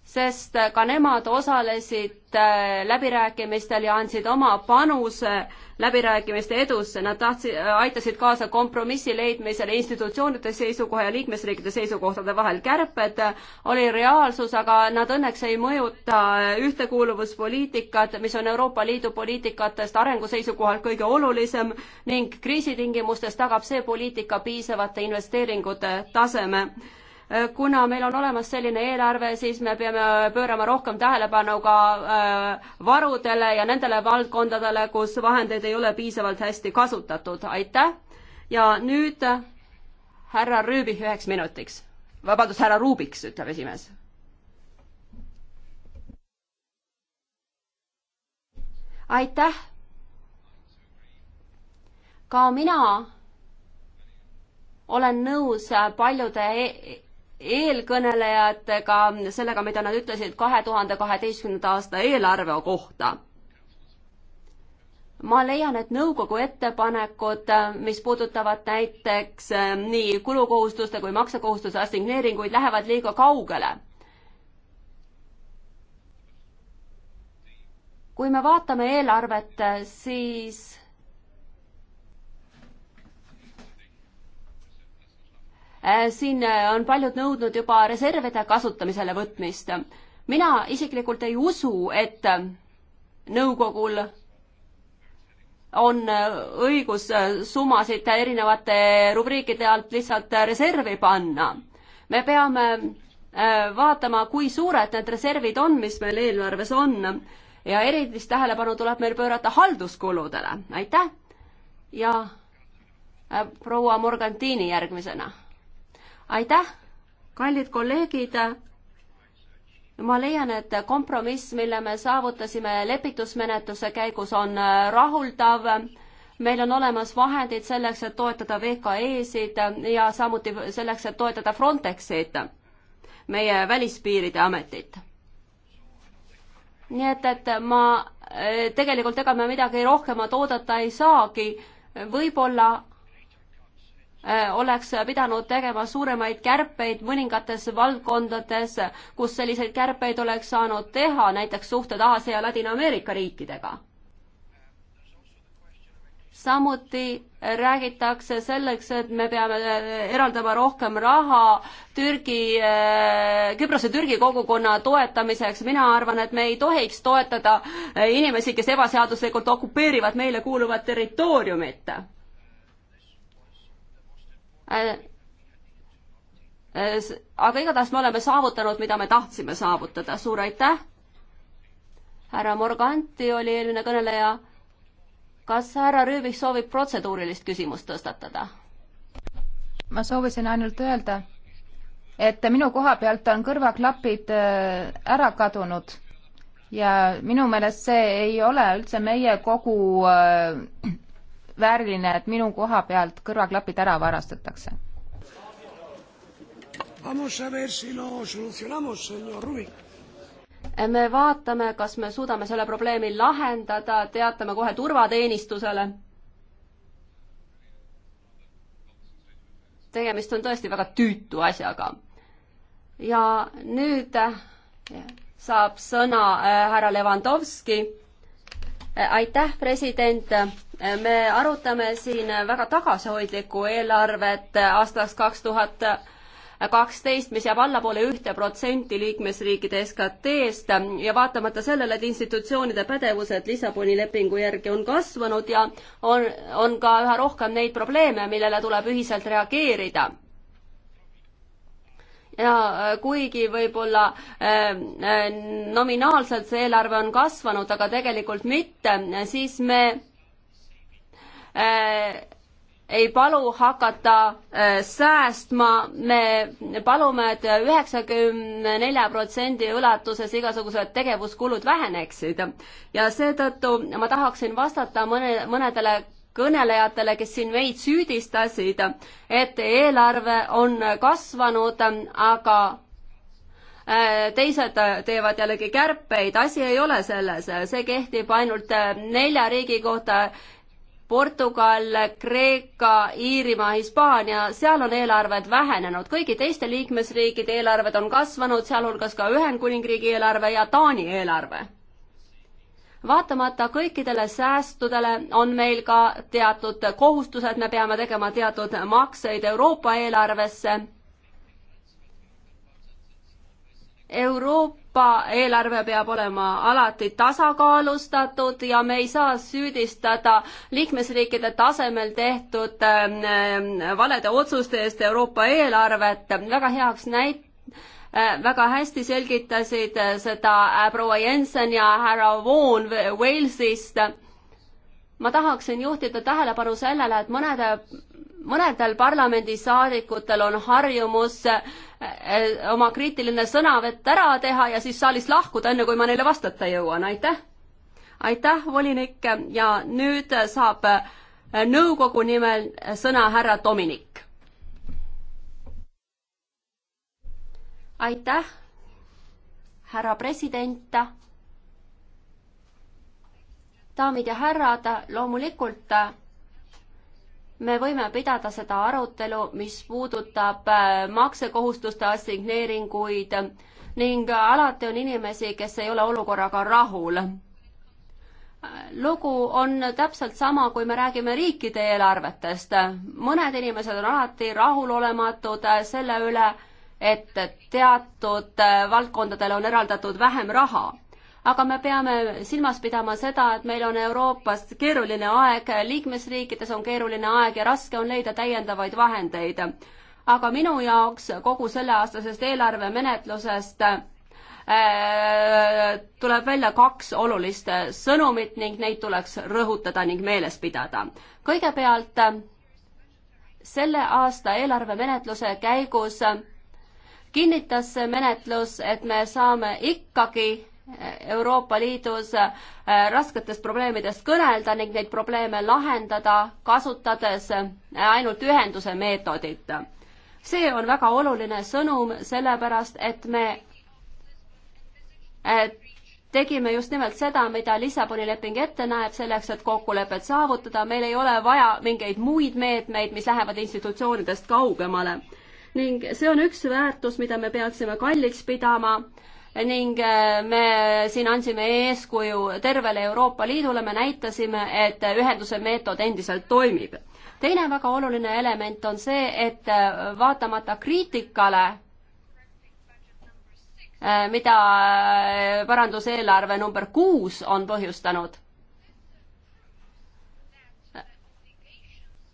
sest ka nemad osalesid äh, läbirääkimistel ja andsid oma panuse läbirääkimiste edusse, nad tahtsid, aitasid kaasa kompromissi leidmisele institutsioonide seisukoha ja liikmesriikide seisukohtade vahel. kärped oli reaalsus, aga nad õnneks ei mõjuta äh, ühtekuuluvuspoliitikat, mis on Euroopa Liidu poliitikatest arengu seisukohalt kõige olulisem ning kriisitingimustes tagab see poliitika piisavate investeeringute taseme Äh, kuna meil on olemas selline eelarve, siis me peame pöörama rohkem tähelepanu ka äh, varudele ja nendele valdkondadele, kus vahendeid ei ole piisavalt hästi kasutatud. aitäh! ja nüüd äh, härra Rüübich üheks minutiks. vabandust, härra Ruubiks, ütleb esimees aitäh! ka mina olen nõus paljude e-, eelkõnelejatega sellega, mida nad ütlesid kahe tuhande kaheteistkümnenda aasta eelarve kohta. ma leian, et nõukogu ettepanekud, mis puudutavad näiteks eh, nii kulukohustuste kui maksekohustuse assigneeringuid, lähevad liiga kaugele. kui me vaatame eelarvet, siis Äh, siin äh, on paljud nõudnud juba reservide kasutamisele võtmist. mina isiklikult ei usu, et äh, nõukogul on õigus summasid erinevate rubriikide alt lihtsalt reservi panna. me peame vaatama, kui suured need reservid on, mis meil eelarves on ja erilist tähelepanu tuleb meil pöörata halduskuludele. aitäh ja proua Morgantini järgmisena aitäh, kallid kolleegid. ma leian, et kompromiss, mille me saavutasime lepitusmenetluse käigus, on äh, rahuldav meil on olemas vahendid selleks, et toetada VKE-sid ja samuti selleks, et toetada Frontexit, meie välispiiride ametit. nii et, et ma äh, tegelikult ega me midagi rohkemat oodata ei saagi, võib-olla Äh, oleks pidanud tegema suuremaid kärpeid mõningates valdkondades, kus selliseid kärpeid oleks saanud teha, näiteks suhted Aasia ja Ladina-Ameerika riikidega. samuti räägitakse selleks, et me peame äh, eraldama rohkem raha Türgi, äh, Küprose Türgi kogukonna toetamiseks. mina arvan, et me ei tohiks toetada inimesi, kes ebaseaduslikult okupeerivad meile kuuluvat territooriumit Äh, äh, aga igatahes me oleme saavutanud, mida me tahtsime saavutada, suur aitäh. härra Morganti oli eelmine kõneleja. kas härra Rüübik soovib protseduurilist küsimust tõstatada? ma soovisin ainult öelda, et minu koha pealt on kõrvaklapid äh, ära kadunud ja minu meelest see ei ole üldse meie kogu vääriline, et minu koha pealt kõrvaklapid ära varastatakse. me vaatame, kas me suudame selle probleemi lahendada, teatame kohe turvateenistusele. tegemist on tõesti väga tüütu asjaga. ja nüüd saab sõna äh, härra Levandovski aitäh, president. me arutame siin väga tagasihoidlikku eelarvet aastaks kaks tuhat kaksteist, mis jääb allapoole ühte protsenti liikmesriikide SKT-st ja vaatamata sellele, et institutsioonide pädevused Lissaboni lepingu järgi on kasvanud ja on, on ka üha rohkem neid probleeme, millele tuleb ühiselt reageerida ja äh, kuigi võib-olla äh, äh, nominaalselt see eelarve on kasvanud, aga tegelikult mitte, siis me ei palu hakata säästma, me palume et, et üheksakümne nelja protsendi ulatuses igasugused tegevuskulud väheneksid. ja seetõttu ma tahaksin vastata mõne, mõnedele kõnelejatele, kes siin meid süüdistasid, et eelarve on kasvanud, aga äh, teised teevad jällegi kärpeid, asi ei ole selles, see kehtib ainult äh, nelja riigi kohta. Portugal, Kreeka, Iirimaa, Hispaania, seal on eelarved vähenenud, kõigi teiste liikmesriikide eelarved on kasvanud, sealhulgas ka Ühendkuningriigi eelarve ja Taani eelarve vaatamata kõikidele säästudele on meil ka teatud kohustused, me peame tegema teatud makseid Euroopa eelarvesse. Euroopa eelarve peab olema alati tasakaalustatud ja me ei saa süüdistada liikmesriikide tasemel tehtud ähm, valede otsuste eest Euroopa eelarvet. väga heaks näiteks Äh, väga hästi selgitasid äh, seda äh, proua Jensen ja härra Vaughan Walesist. ma tahaksin juhtida tähelepanu sellele, et mõnede, mõnedel parlamendisaadikutel on harjumus oma kriitiline sõnavõtt ära teha ja siis saalist lahkuda, enne kui ma neile vastata jõuan, aitäh! aitäh, volinik, ja nüüd saab nõukogu nimel sõna härra Dominik aitäh, härra president. daamid ja härrad, loomulikult me võime pidada seda arutelu, mis puudutab äh, maksekohustuste assigneeringuid ning alati on inimesi, kes ei ole olukorraga rahul. Äh, lugu on täpselt sama, kui me räägime riikide eelarvetest. mõned inimesed on alati rahulolematud äh, selle üle, et teatud äh, valdkondadele on eraldatud vähem raha. aga me peame silmas pidama seda, et meil on Euroopas keeruline aeg, liikmesriikides on keeruline aeg ja raske on leida täiendavaid vahendeid. aga minu jaoks kogu selleaastasest eelarvemenetlusest äh, tuleb välja kaks olulist sõnumit ning neid tuleks rõhutada ning meeles pidada. kõigepealt selle aasta eelarvemenetluse käigus kinnitas see menetlus, et me saame ikkagi Euroopa Liidus äh, rasketest probleemidest kõnelda ning neid probleeme lahendada, kasutades ainult ühenduse meetodit. see on väga oluline sõnum, sellepärast et me äh, tegime just nimelt seda, mida Lissaboni leping ette näeb, selleks et kokkulepet saavutada, meil ei ole vaja mingeid muid meetmeid, mis lähevad institutsioonidest kaugemale ning see on üks väärtus, mida me peaksime kalliks pidama ning äh, me siin andsime eeskuju tervele Euroopa Liidule, me näitasime, et ühenduse meetod endiselt toimib. teine väga oluline element on see, et äh, vaatamata kriitikale, äh, mida paranduseelarve number kuus on põhjustanud,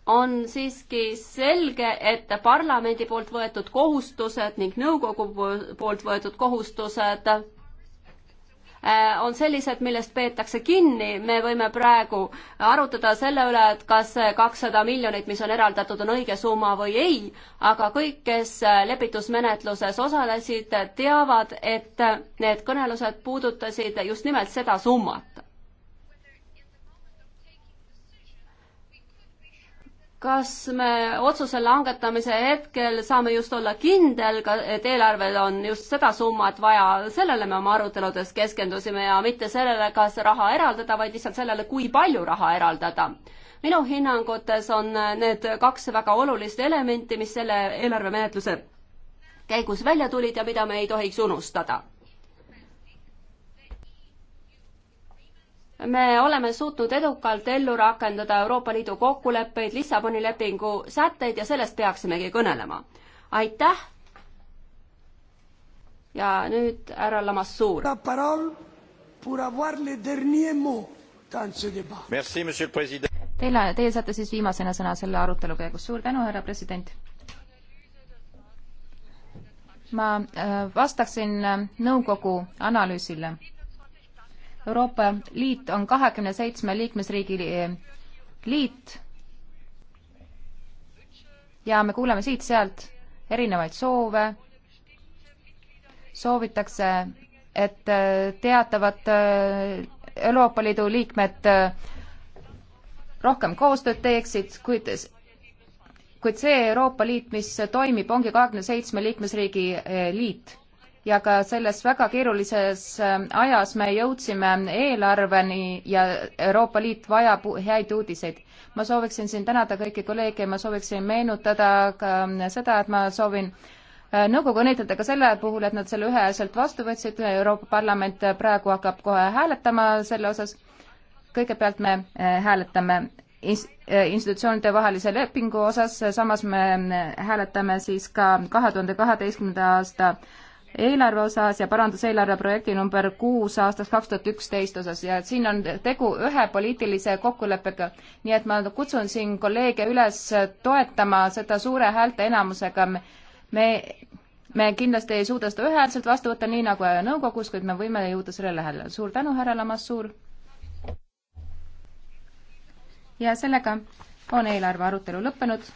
on siiski selge, et parlamendi poolt võetud kohustused ning nõukogu poolt võetud kohustused äh, on sellised, millest peetakse kinni, me võime praegu arutada selle üle, et kas kakssada miljonit, mis on eraldatud, on õige summa või ei, aga kõik, kes äh, lepitusmenetluses osalesid, teavad, et äh, need kõnelused puudutasid just nimelt seda summat. kas me otsuse langetamise hetkel saame just olla kindel, et eelarvel on just seda summat vaja, sellele me oma aruteludes keskendusime ja mitte sellele, kas raha eraldada, vaid lihtsalt sellele, kui palju raha eraldada. minu hinnangutes on need kaks väga olulist elementi, mis selle eelarvemenetluse käigus välja tulid ja mida me ei tohiks unustada me oleme suutnud edukalt ellu rakendada Euroopa Liidu kokkuleppeid, Lissaboni lepingu sätteid ja sellest peaksimegi kõnelema. aitäh! ja nüüd härra Lamassoor. Teile, teie saate siis viimasena sõna selle arutelu käigus. suur tänu, härra president! ma äh, vastaksin äh, nõukogu analüüsile Euroopa Liit on kahekümne seitsme liikmesriigi liit ja me kuuleme siit-sealt erinevaid soove, soovitakse, et teatavad äh, Euroopa Liidu liikmed äh, rohkem koostööd teeksid, kuid kuid see Euroopa Liit, mis toimib, ongi kahekümne seitsme liikmesriigi äh, liit ja ka selles väga keerulises äh, ajas me jõudsime eelarveni ja Euroopa Liit vajab häid uudiseid. ma sooviksin siin tänada kõiki kolleege, ma sooviksin meenutada ka ähm, seda, et ma soovin äh, nõukogu õnnitleda ka selle puhul, et nad selle ühehäälselt vastu võtsid, Euroopa Parlament äh, praegu hakkab kohe hääletama selle osas. kõigepealt me hääletame institutsioonide vahelise lepingu osas, samas me hääletame siis ka kahe tuhande kaheteistkümnenda aasta eelarve osas ja paranduseelarve projekti number kuus aastast kaks tuhat üksteist osas ja siin on tegu ühe poliitilise kokkuleppega. nii et ma kutsun siin kolleege üles toetama seda suure häälteenamusega. me, me kindlasti ei suuda seda ühehäälselt vastu võtta, nii nagu nõukogus, kuid me võime jõuda selle lähedale. suur tänu, härra Lamassuur! ja sellega on eelarve arutelu lõppenud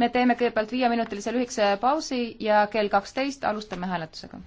me teeme kõigepealt viieminutilise lühikese pausi ja kell kaksteist alustame hääletusega.